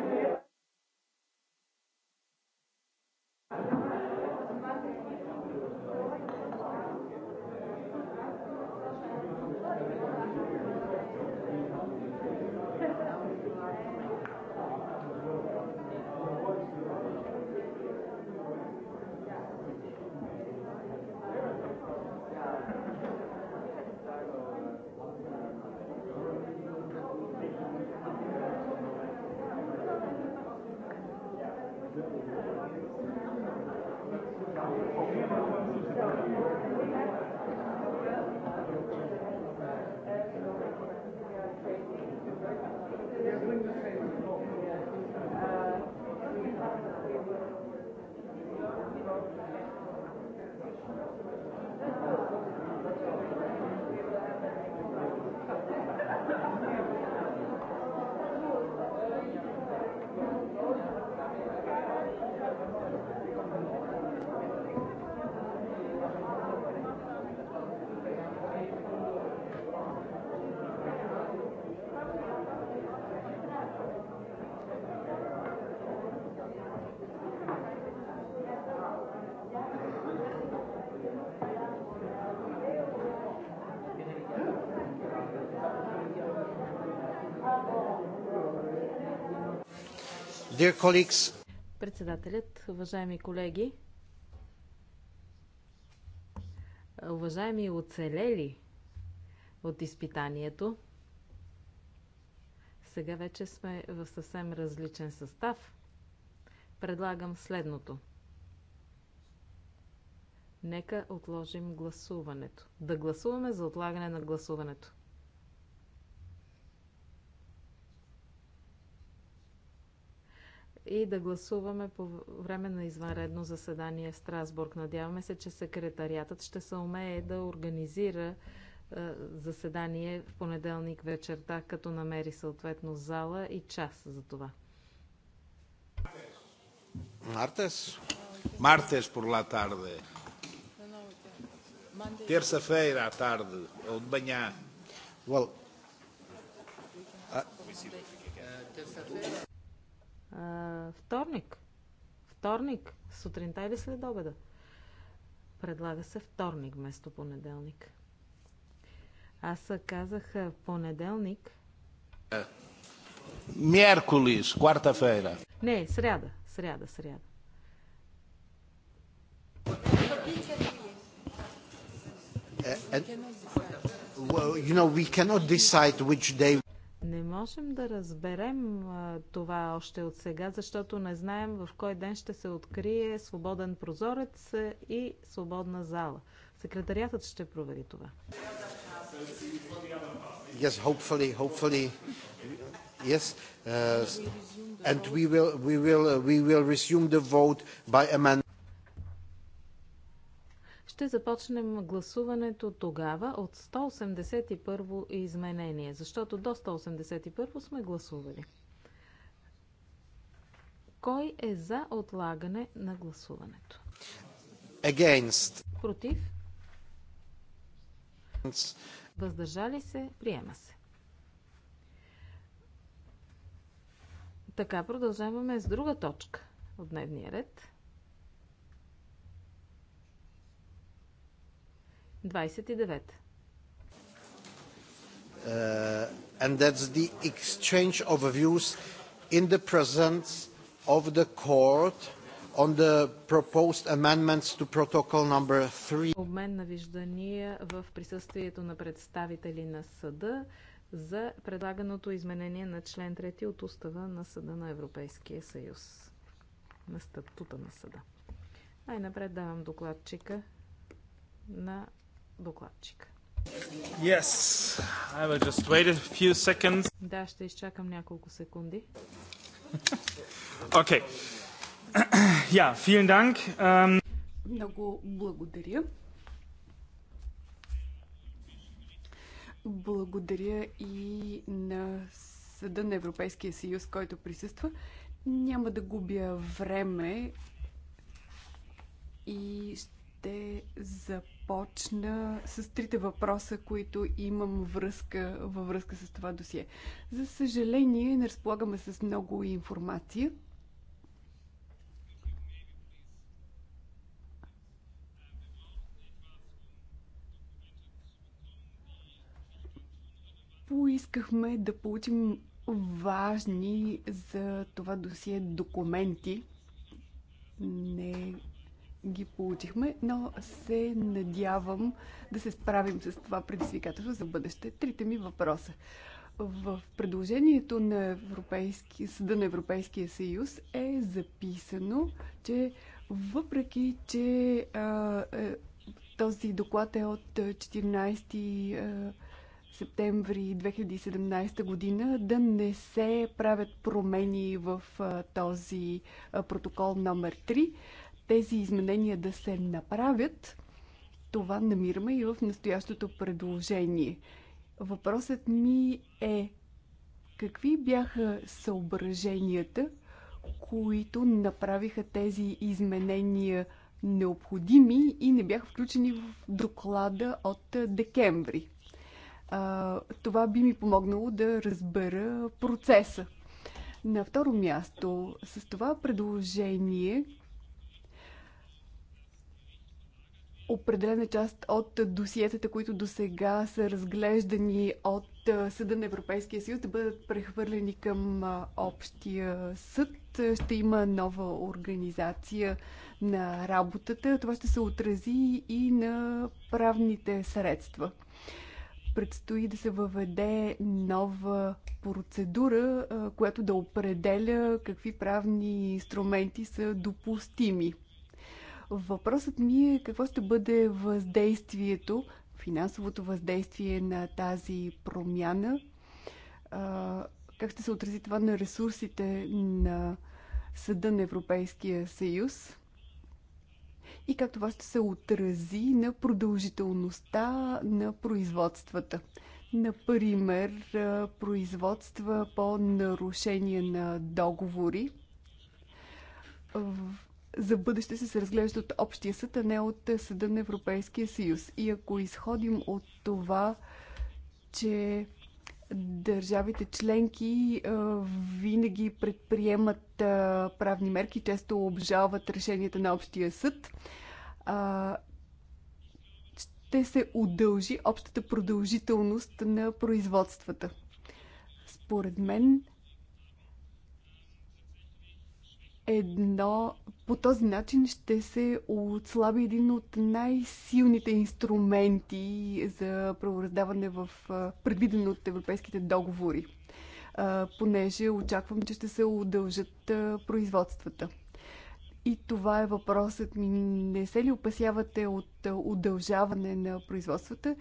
D: Председателят, уважаеми колеги, уважаеми оцелели от изпитанието, сега вече сме в съвсем различен състав. Предлагам следното. Нека отложим гласуването. Да гласуваме за отлагане на гласуването. и да гласуваме по време на извънредно заседание в Страсбург. Надяваме се, че секретариатът ще се умее да организира е, заседание в понеделник вечерта, като намери съответно зала и час
A: за това. Мартес? Мартес por la tarde. Terça-feira à tarde ou de manhã. Well,
D: а, вторник. Вторник. Сутринта или след обеда. Предлага се вторник вместо понеделник. Аз казах понеделник.
A: Е, Меркулис, кварта-фейра.
D: Не, сряда. Сряда, сряда.
A: Uh, е, and, е, well, you know, we cannot decide which day
D: не можем да разберем това още от сега, защото не знаем в кой ден ще се открие свободен прозорец и свободна зала. Секретариатът ще провери това.
A: Yes, hopefully, hopefully. Yes. Uh, and we will, we will, uh, we will resume the vote by amendment
D: ще започнем гласуването тогава от 181 во изменение, защото до 181 сме гласували. Кой е за отлагане на гласуването?
A: Against.
D: Против? Въздържали се? Приема се. Така продължаваме с друга точка от дневния ред. 29.
A: Uh, and that's the exchange of views in the presence of the court on the proposed amendments to protocol number 3.
D: Обмен на виждания в присъствието на представители на съда за предлаганото изменение на член 3 от устава на Съда на Европейския съюз. На статута на съда. Най-напред давам докладчика на докладчика. Yes, I will just wait a few seconds. Да, ще изчакам няколко секунди.
B: Окей. Okay. vielen Dank. Um... Много благодаря. Благодаря и на Съда на Европейския съюз, който присъства. Няма да губя време и ще започна започна с трите въпроса, които имам връзка, във връзка с това досие. За съжаление, не разполагаме с много информация. Поискахме да получим важни за това досие документи, не ги получихме, но се надявам да се справим с това предизвикателство за бъдеще. Трите ми въпроса. В предложението на Европейски, Съда на Европейския съюз е записано, че въпреки, че а, е, този доклад е от 14 а, е, септември 2017 година да не се правят промени в този протокол номер 3 тези изменения да се направят, това намираме и в настоящото предложение. Въпросът ми е какви бяха съображенията, които направиха тези изменения необходими и не бяха включени в доклада от декември. А, това би ми помогнало да разбера процеса. На второ място, с това предложение определена част от досиетата, които до сега са разглеждани от Съда на Европейския съюз, да бъдат прехвърлени към общия съд. Ще има нова организация на работата. Това ще се отрази и на правните средства. Предстои да се въведе нова процедура, която да определя какви правни инструменти са допустими Въпросът ми е какво ще бъде въздействието, финансовото въздействие на тази промяна. Как ще се отрази това на ресурсите на Съда на Европейския съюз? И как това ще се отрази на продължителността на производствата? Например, производства по нарушение на договори за бъдеще се, се разглежда от Общия съд, а не от Съда на Европейския съюз. И ако изходим от това, че държавите членки винаги предприемат правни мерки, често обжалват решенията на Общия съд, ще се удължи общата продължителност на производствата. Според мен едно по този начин ще се отслаби един от най-силните инструменти за правораздаване в предвидено от европейските договори, понеже очаквам, че ще се удължат производствата. И това е въпросът ми. Не се ли опасявате от удължаване на производствата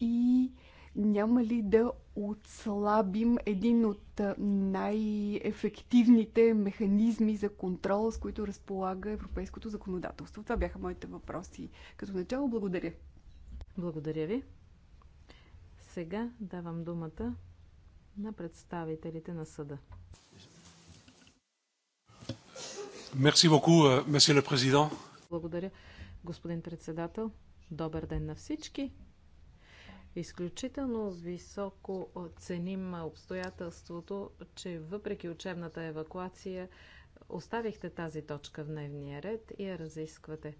B: и няма ли да отслабим един от най-ефективните механизми за контрол, с които разполага европейското законодателство? Това бяха моите въпроси. Като начало, благодаря. Благодаря ви.
D: Сега давам думата на представителите на съда.
A: Мерси месье президент.
D: Благодаря, господин председател. Добър ден на всички. Изключително високо ценим обстоятелството, че въпреки учебната евакуация оставихте тази точка в дневния ред и я разисквате.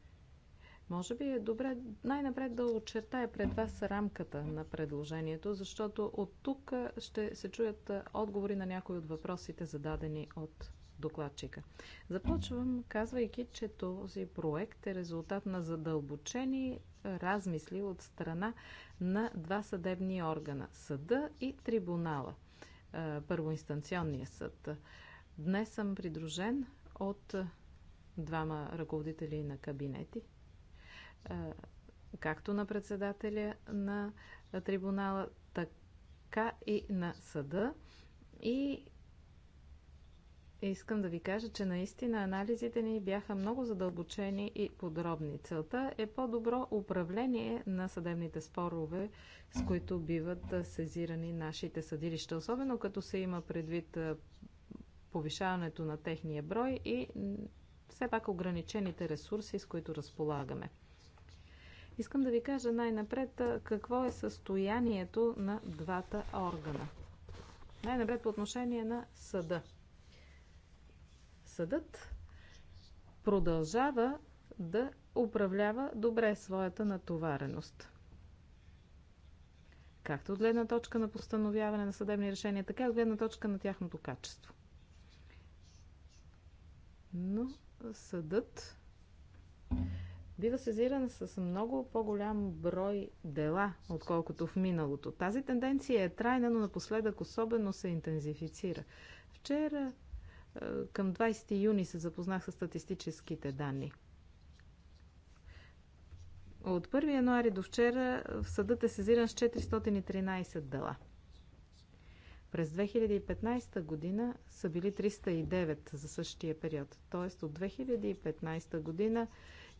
D: Може би е добре най-напред да очертая пред вас рамката на предложението, защото от тук ще се чуят отговори на някои от въпросите, зададени от докладчика. Започвам казвайки, че този проект е резултат на задълбочени размисли от страна на два съдебни органа съда и трибунала, първоинстанционния съд. Днес съм придружен от двама ръководители на кабинети, както на председателя на трибунала, така и на съда. И Искам да ви кажа, че наистина анализите ни бяха много задълбочени и подробни. Целта е по-добро управление на съдебните спорове, с които биват сезирани нашите съдилища, особено като се има предвид повишаването на техния брой и все пак ограничените ресурси, с които разполагаме. Искам да ви кажа най-напред какво е състоянието на двата органа. Най-напред по отношение на съда съдът продължава да управлява добре своята натовареност. Както от гледна точка на постановяване на съдебни решения, така и от гледна точка на тяхното качество. Но съдът бива сезиран с много по-голям брой дела, отколкото в миналото. Тази тенденция е трайна, но напоследък особено се интензифицира. Вчера е, към 20 юни се запознах с статистическите данни. От 1 януари до вчера в съдът е сезиран с 413 дела. През 2015 година са били 309 за същия период. Тоест от 2015 година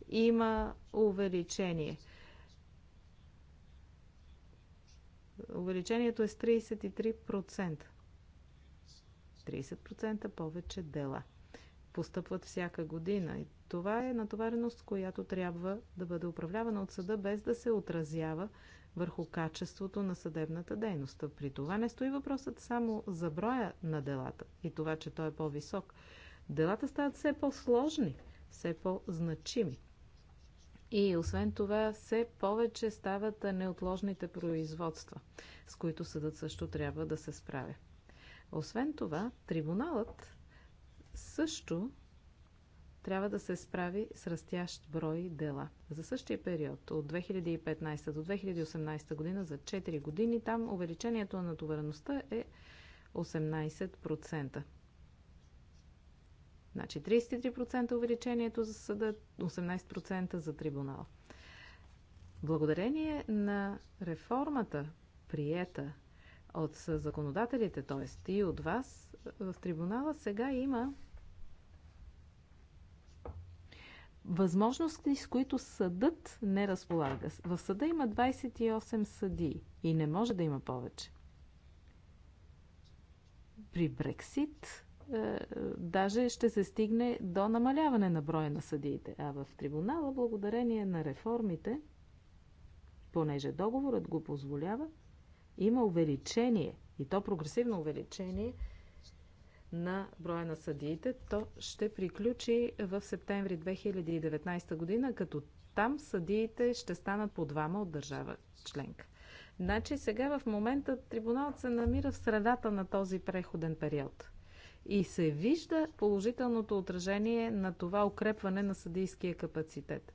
D: има увеличение. Увеличението е с 33%. 30% повече дела. Постъпват всяка година. И това е натовареност, която трябва да бъде управлявана от съда, без да се отразява върху качеството на съдебната дейност. При това не стои въпросът само за броя на делата и това, че той е по-висок. Делата стават все по-сложни, все по-значими. И освен това, все повече стават неотложните производства, с които съдът също трябва да се справя. Освен това, трибуналът също трябва да се справи с растящ брой дела. За същия период, от 2015 до 2018 година, за 4 години, там увеличението на натовареността е 18%. Значи 33% увеличението за съда, 18% за трибунала. Благодарение на реформата, приета от законодателите, т.е. и от вас, в трибунала сега има възможности, с които съдът не разполага. В съда има 28 съдии и не може да има повече. При Брексит е, даже ще се стигне до намаляване на броя на съдиите. А в трибунала, благодарение на реформите, понеже договорът го позволява, има увеличение, и то прогресивно увеличение, на броя на съдиите, то ще приключи в септември 2019 година, като там съдиите ще станат по двама от държава членка. Значи сега в момента трибуналът се намира в средата на този преходен период. И се вижда положителното отражение на това укрепване на съдийския капацитет.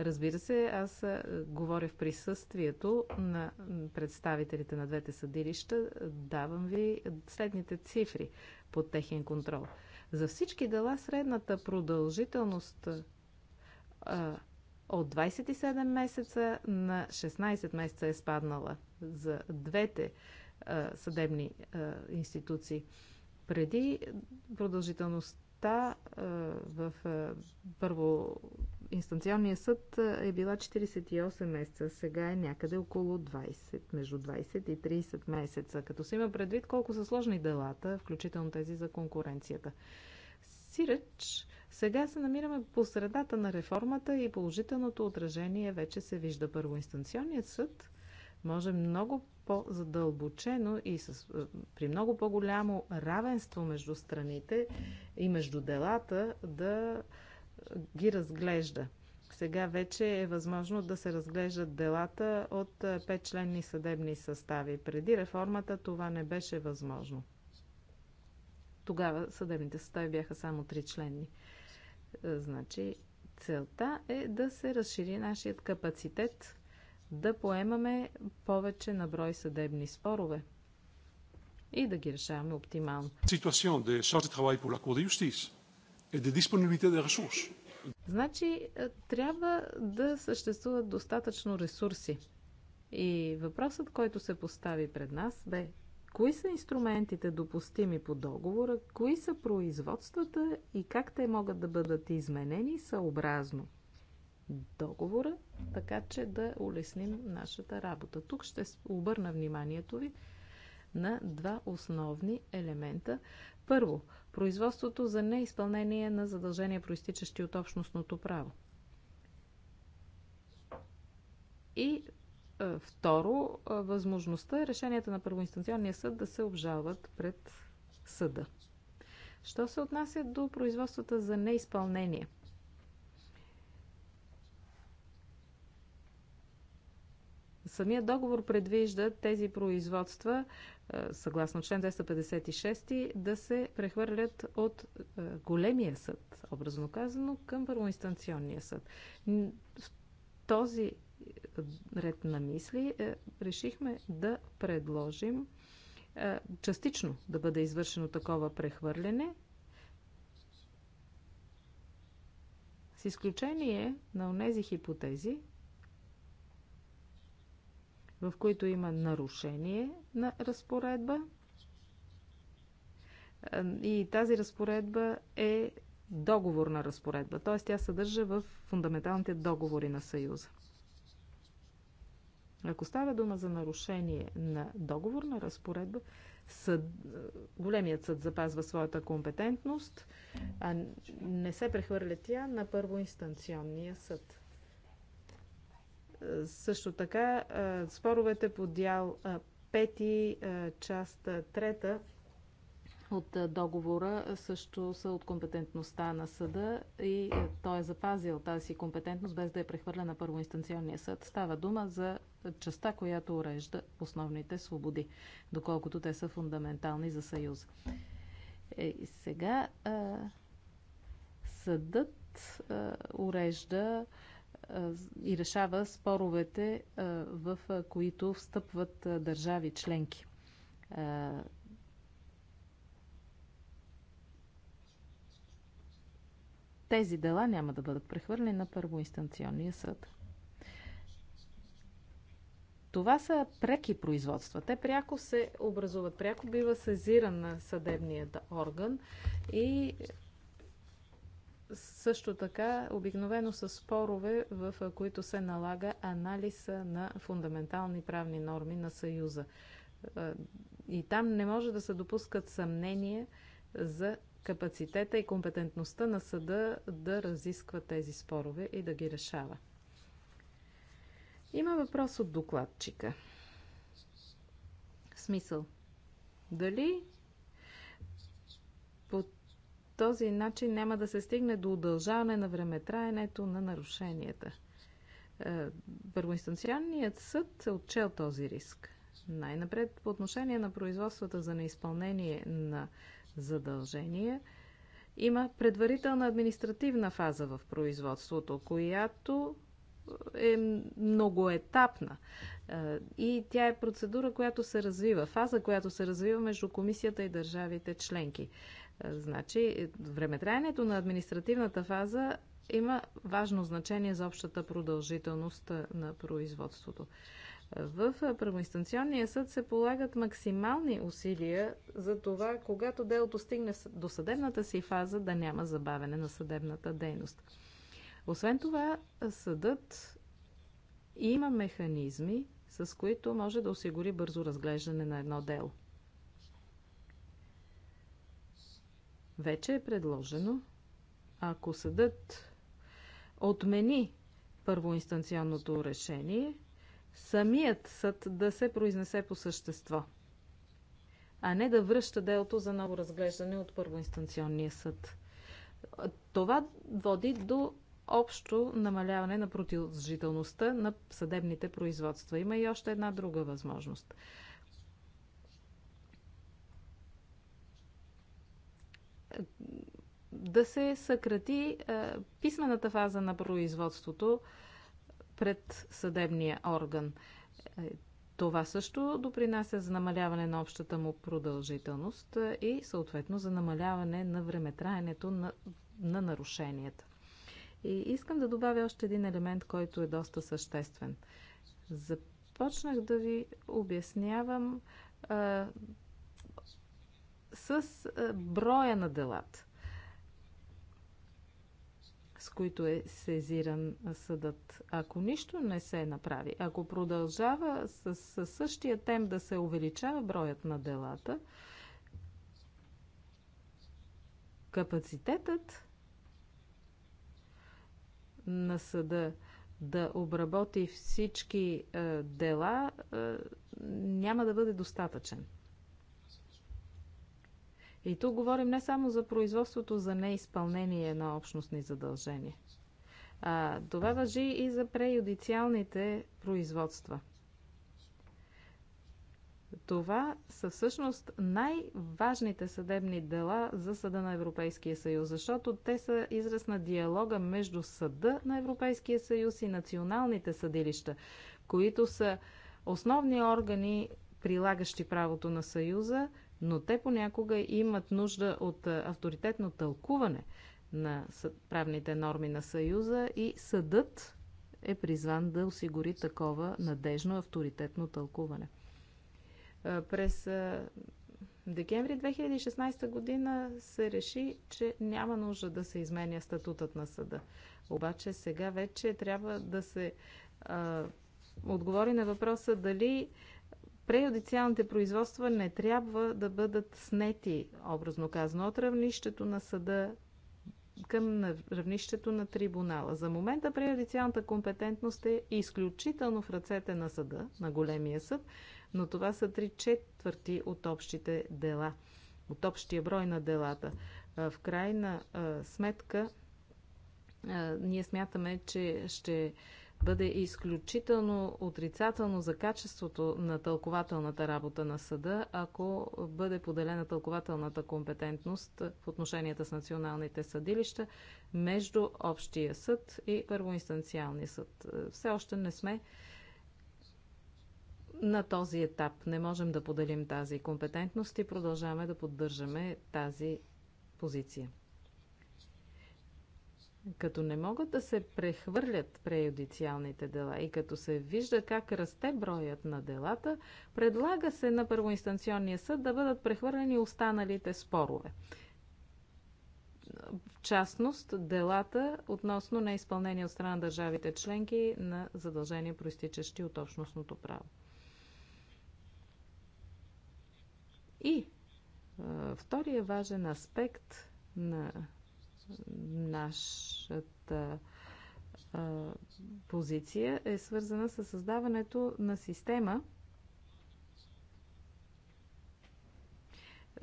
D: Разбира се, аз говоря в присъствието на представителите на двете съдилища. Давам ви следните цифри по техен контрол. За всички дела средната продължителност а, от 27 месеца на 16 месеца е спаднала за двете а, съдебни а, институции. Преди продължителност смъртността е, в е, първоинстанционния съд е била 48 месеца, сега е някъде около 20, между 20 и 30 месеца, като се има предвид колко са сложни делата, включително тези за конкуренцията. Сиреч, сега се намираме по средата на реформата и положителното отражение вече се вижда. Първоинстанционният съд може много по-задълбочено и с, е, при много по-голямо равенство между страните и между делата да е, ги разглежда. Сега вече е възможно да се разглеждат делата от е, петчленни съдебни състави. Преди реформата това не беше възможно. Тогава съдебните състави бяха само тричленни. Значи, целта е да се разшири нашият капацитет да поемаме повече на брой съдебни спорове и да ги решаваме оптимално. Е значи, е, трябва да съществуват достатъчно ресурси. И въпросът, който се постави пред нас, бе кои са инструментите допустими по договора, кои са производствата и как те могат да бъдат изменени съобразно договора, така че да улесним нашата работа. Тук ще обърна вниманието ви на два основни елемента. Първо, производството за неизпълнение на задължения, проистичащи от общностното право. И е, второ, е, възможността решенията на първоинстанционния съд да се обжалват пред съда. Що се отнася до производствата за неизпълнение – Самия договор предвижда тези производства, е, съгласно член 256, да се прехвърлят от е, големия съд, образно казано, към първоинстанционния съд. В този ред на мисли е, решихме да предложим частично да бъде извършено такова прехвърляне, с изключение на тези хипотези, в които има нарушение на разпоредба. Е, и тази разпоредба е договорна разпоредба, т.е. тя съдържа в фундаменталните договори на Съюза. Ако става дума за нарушение на договорна разпоредба, съд, големият съд запазва своята компетентност, а не се прехвърля тя на първоинстанционния съд. Също така, споровете по дял 5, част 3 от договора също са от компетентността на съда и той е запазил тази компетентност без да е прехвърля на първоинстанционния съд. Става дума за частта, която урежда основните свободи, доколкото те са фундаментални за съюз. Е, сега а, съдът а, урежда а, и решава споровете, в които встъпват държави членки. Тези дела няма да бъдат прехвърлени на първоинстанционния съд. Това са преки производства. Те пряко се образуват, пряко бива сезиран на съдебният орган и също така обикновено са спорове, в които се налага анализ на фундаментални правни норми на Съюза. И там не може да се допускат съмнения за капацитета и компетентността на съда да разисква тези спорове и да ги решава. Има въпрос от докладчика. В смисъл, дали под този начин няма да се стигне до удължаване на времетраенето на нарушенията. Е, първоинстанционният съд е отчел този риск. Най-напред по отношение на производствата за неизпълнение на задължения има предварителна административна фаза в производството, която е многоетапна. Е, и тя е процедура, която се развива, фаза, която се развива между комисията и държавите членки. Е, значи, времетраенето на административната фаза има важно значение за общата продължителност е, на производството. Е, в първоинстанционния съд се полагат максимални усилия за това, когато делото стигне до съдебната си фаза, да няма забавене на съдебната дейност. Освен това, съдът има механизми, с които може да осигури бързо разглеждане на едно дело – Вече е предложено, ако съдът отмени първоинстанционното решение, самият съд да се произнесе по същество, а не да връща делото за ново разглеждане от първоинстанционния съд. Това води до общо намаляване на продължителността на съдебните производства. Има и още една друга възможност – да се съкрати е, писмената фаза на производството пред съдебния орган. Е, това също допринася за намаляване на общата му продължителност е, и съответно за намаляване на времетраенето на, на нарушенията. И искам да добавя още един елемент, който е доста съществен. Започнах да ви обяснявам а, с броя на делата, с които е сезиран съдът. Ако нищо не се направи, ако продължава с, с същия тем, да се увеличава броят на делата, капацитетът на съда да обработи всички е, дела е, няма да бъде достатъчен. И тук говорим не само за производството за неизпълнение на общностни задължения. А, това въжи и за преюдициалните производства. Това са всъщност най-важните съдебни дела за Съда на Европейския съюз, защото те са израз на диалога между Съда на Европейския съюз и националните съдилища, които са основни органи, прилагащи правото на Съюза, но те понякога имат нужда от авторитетно тълкуване на правните норми на Съюза и съдът е призван да осигури такова надежно авторитетно тълкуване. През декември 2016 година се реши, че няма нужда да се изменя статутът на съда. Обаче сега вече трябва да се а, отговори на въпроса дали преюдициалните производства не трябва да бъдат снети, образно казано, от равнището на съда към равнището на трибунала. За момента преюдициалната компетентност е изключително в ръцете на съда, на големия съд, но това са три четвърти от общите дела, от общия брой на делата. В крайна сметка, ние смятаме, че ще бъде изключително отрицателно за качеството на тълкователната работа на съда, ако бъде поделена тълкователната компетентност в отношенията с националните съдилища между Общия съд и първоинстанциалния съд. Все още не сме на този етап. Не можем да поделим тази компетентност и продължаваме да поддържаме тази позиция. Като не могат да се прехвърлят преюдициалните дела и като се вижда как расте броят на делата, предлага се на първоинстанционния съд да бъдат прехвърлени останалите спорове. В частност, делата относно неизпълнение от страна на държавите членки на задължения, проистичащи от общностното право. И втория важен аспект на Нашата позиция е свързана с създаването на система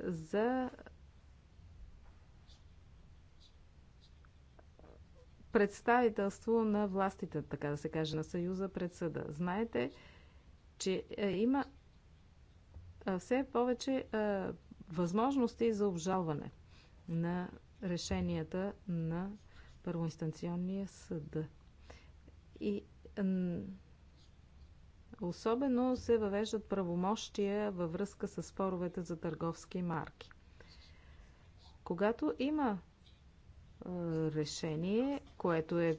D: за представителство на властите, така да се каже, на Съюза пред съда. Знаете, че е, има все повече възможности за обжалване на решенията на първоинстанционния съд. И особено се въвеждат правомощия във връзка с споровете за търговски марки. Когато има решение, което е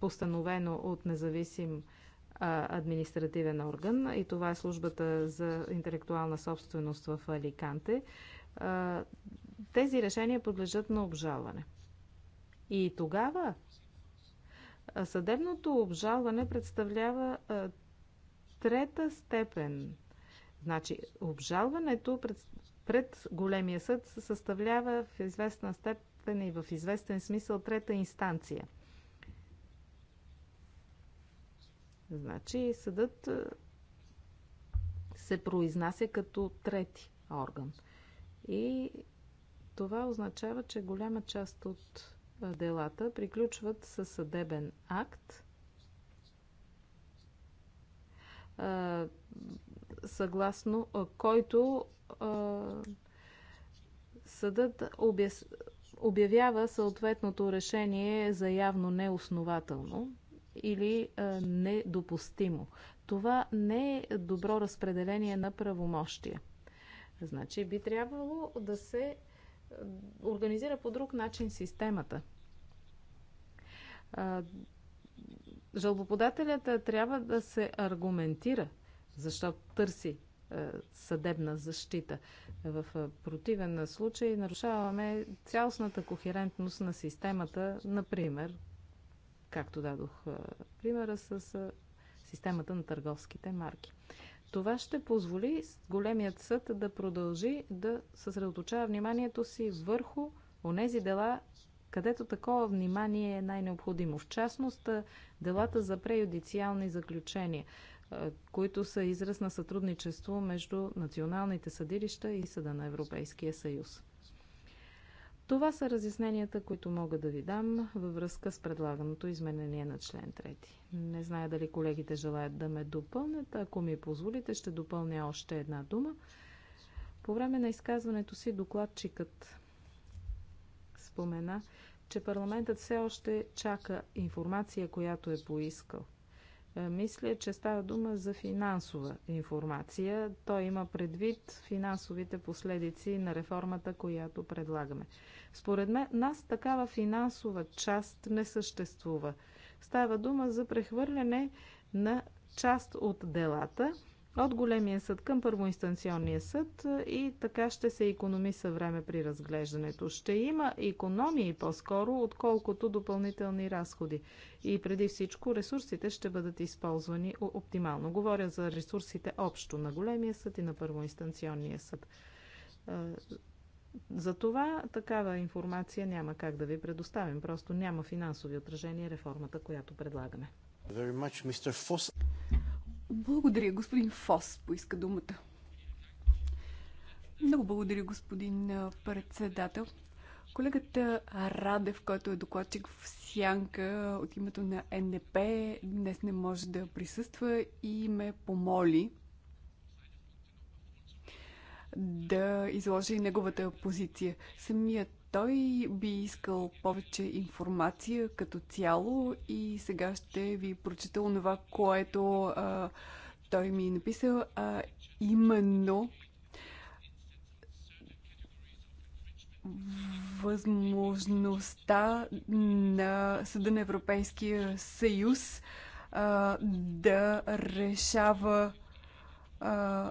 D: постановено от независим административен орган и това е службата за интелектуална собственост в Аликанте тези решения подлежат на обжалване. И тогава съдебното обжалване представлява трета степен. Значи, обжалването пред, пред големия съд се съставлява в известна степен и в известен смисъл трета инстанция. Значи, съдът се произнася като трети орган. И това означава, че голяма част от делата приключват със съдебен акт. Съгласно който съдът обявява съответното решение за явно неоснователно или недопустимо. Това не е добро разпределение на правомощия. Значи би трябвало да се организира по друг начин системата. Жалбоподателят трябва да се аргументира, защото търси съдебна защита. В противен случай нарушаваме цялостната кохерентност на системата, например, както дадох примера с системата на търговските марки. Това ще позволи големият съд да продължи да съсредоточава вниманието си върху онези дела, където такова внимание е най-необходимо. В частност, делата за преюдициални заключения, които са израз на сътрудничество между националните съдилища и Съда на Европейския съюз. Това са разясненията, които мога да ви дам във връзка с предлаганото изменение на член 3. Не зная дали колегите желаят да ме допълнят. Ако ми позволите, ще допълня още една дума. По време на изказването си докладчикът спомена, че парламентът все още чака информация, която е поискал – е, мисля, че става дума за финансова информация. Той има предвид финансовите последици на реформата, която предлагаме. Според мен, нас такава финансова част не съществува. Става дума за прехвърляне на част от делата от големия съд към първоинстанционния съд и така ще се економиса време при разглеждането. Ще има економии по-скоро, отколкото допълнителни разходи. И преди всичко ресурсите ще бъдат използвани оптимално. Говоря за ресурсите общо на големия съд и на първоинстанционния съд. За това такава информация няма как да ви предоставим. Просто няма финансови отражения реформата,
B: която предлагаме. Благодаря. Господин Фос поиска думата. Много благодаря, господин председател. Колегата Радев, който е докладчик в Сянка от името на НДП, днес не може да присъства и ме помоли да изложи неговата позиция. Самият той би искал повече информация като цяло и сега ще ви прочита онова, което а, той ми е написал, а именно възможността на Съда на Европейския съюз а, да решава а,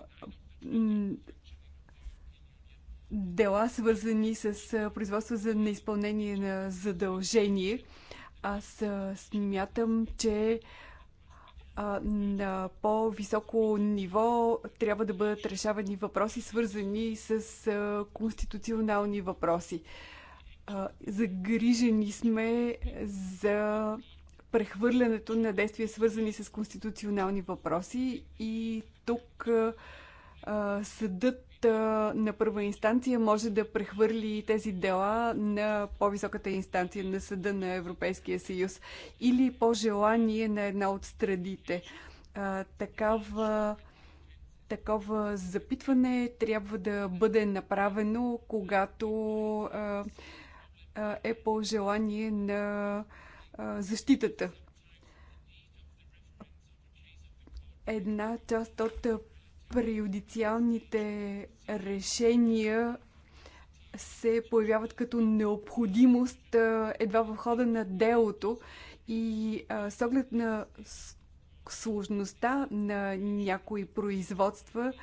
B: дела, свързани с производство за неизпълнение на задължение. Аз смятам, че на по-високо ниво трябва да бъдат решавани въпроси, свързани с конституционални въпроси. Загрижени сме за прехвърлянето на действия, свързани с конституционални въпроси и тук съдът на първа инстанция може да прехвърли тези дела на по-високата инстанция на Съда на Европейския съюз или по желание на една от страдите. Такава такова запитване трябва да бъде направено, когато е по желание на защитата. Една част от преюдициалните решения се появяват като необходимост едва в хода на делото и с оглед на сложността на някои производства,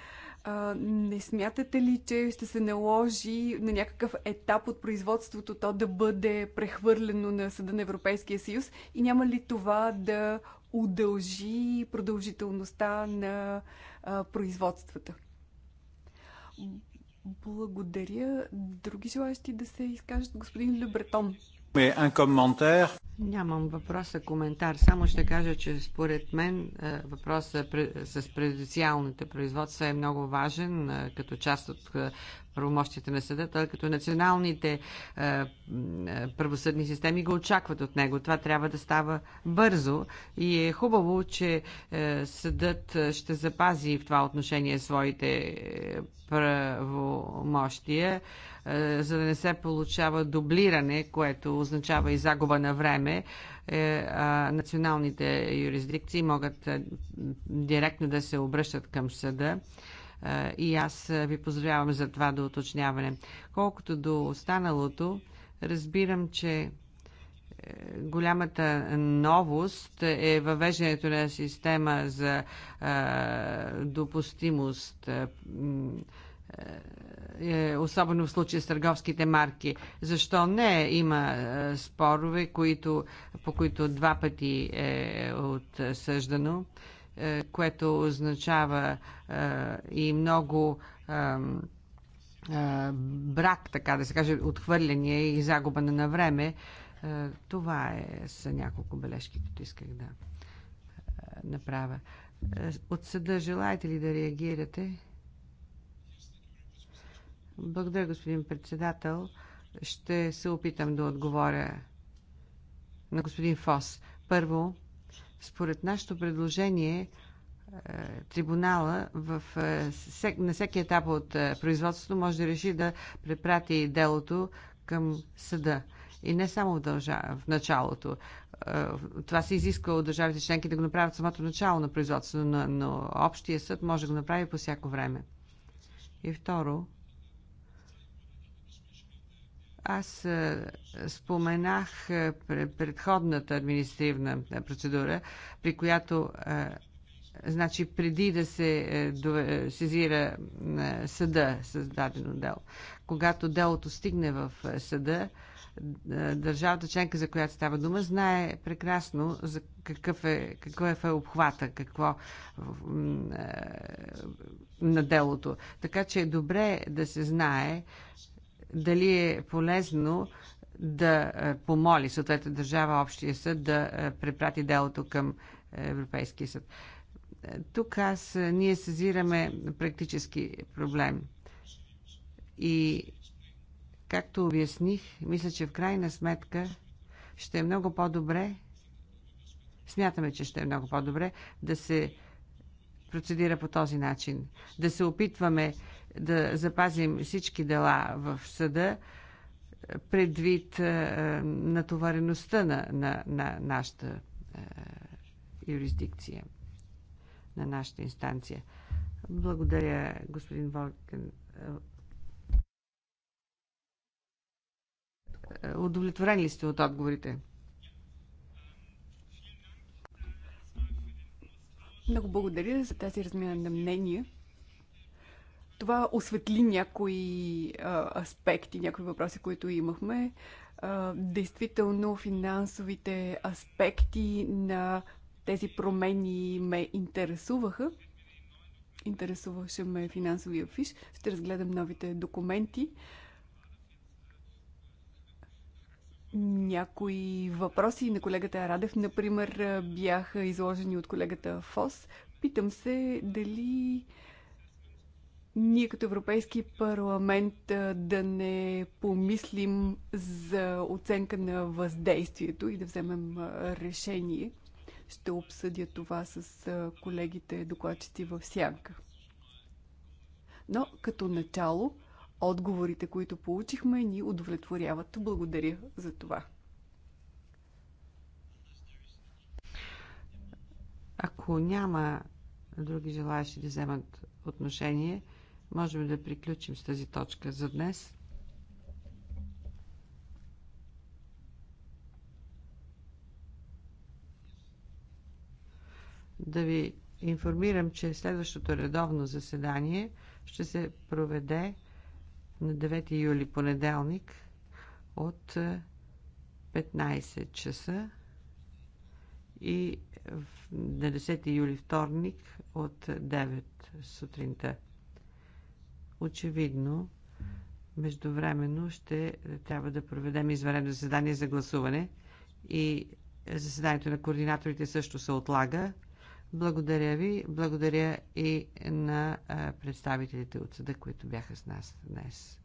B: не смятате ли, че ще се наложи на някакъв етап от производството то да бъде прехвърлено на Съда на Европейския съюз и няма ли това да удължи продължителността на а, производствата. Благодаря. Други желаящи да се изкажат, господин Любретон. Нямам
C: въпроса, коментар. Само ще кажа, че според мен въпросът е с предициалните производства е много важен като част от правомощите на съда, тъй като националните е, е, правосъдни системи го очакват от него. Това трябва да става бързо и е хубаво, че е, съдът ще запази в това отношение своите правомощия, за да не се получава дублиране, което означава и загуба на време. Националните юрисдикции могат директно да се обръщат към съда и аз ви поздравявам за това до уточняване. Колкото до останалото, разбирам, че е, голямата новост е въвеждането на система за допустимост е, особено в случая с търговските марки. Защо не има спорове, които, по които два пъти е, е отсъждано? Е, което означава е, и много е, брак, така да се каже, отхвърляне и загуба на време. Това е, са няколко бележки, които исках да направя. От съда желаете ли да реагирате? Благодаря, господин председател. Ще се опитам да отговоря на господин Фос. Първо, според нашето предложение, е, трибунала в, е, на всеки етап от е, производството може да реши да препрати делото към съда. И не само в, дължа, в началото. Това се изисква от държавите членки да го направят в самото начало на производството, но, но общия съд може да го направи по всяко време. И второ, аз е, споменах е, предходната административна е, процедура, при която значи преди да се сезира съда с дадено дело. Когато делото стигне в съда, държавата членка, за която става дума, знае прекрасно за какъв е, какъв е обхвата, какво на делото. Така че е добре да се знае дали е полезно да е, помоли съответно държава общия съд да е, препрати делото към е, Европейския съд. Тук аз, ние съзираме практически проблем. И както обясних, мисля, че в крайна сметка ще е много по-добре, смятаме, че ще е много по-добре да се процедира по този начин. Да се опитваме да запазим всички дела в съда, е, предвид е, натовареността на, на, на нашата е, юрисдикция, на нашата инстанция. Благодаря, господин Волкен. Удовлетворени ли сте от отговорите?
B: Много благодаря за тази размяна на мнение. Това осветли някои а, аспекти, някои въпроси, които имахме. А, действително, финансовите аспекти на тези промени ме интересуваха. Интересуваше ме финансовия фиш. Ще разгледам новите документи. Някои въпроси на колегата Радев, например, бяха изложени от колегата Фос. Питам се дали ние като Европейски парламент да не помислим за оценка на въздействието и да вземем решение. Ще обсъдя това с колегите докладчици в Сянка. Но като начало, отговорите, които получихме, ни удовлетворяват. Благодаря за това.
C: Ако няма други желаящи да вземат отношение, Можем да приключим с тази точка за днес. Да ви информирам, че следващото редовно заседание ще се проведе на 9 юли понеделник от 15 е, часа и на 10 юли вторник от 9 сутринта. Очевидно, междувременно ще трябва да проведем извънредно заседание за гласуване и заседанието на координаторите също се отлага. Благодаря ви, благодаря и на представителите от съда, които бяха с нас днес.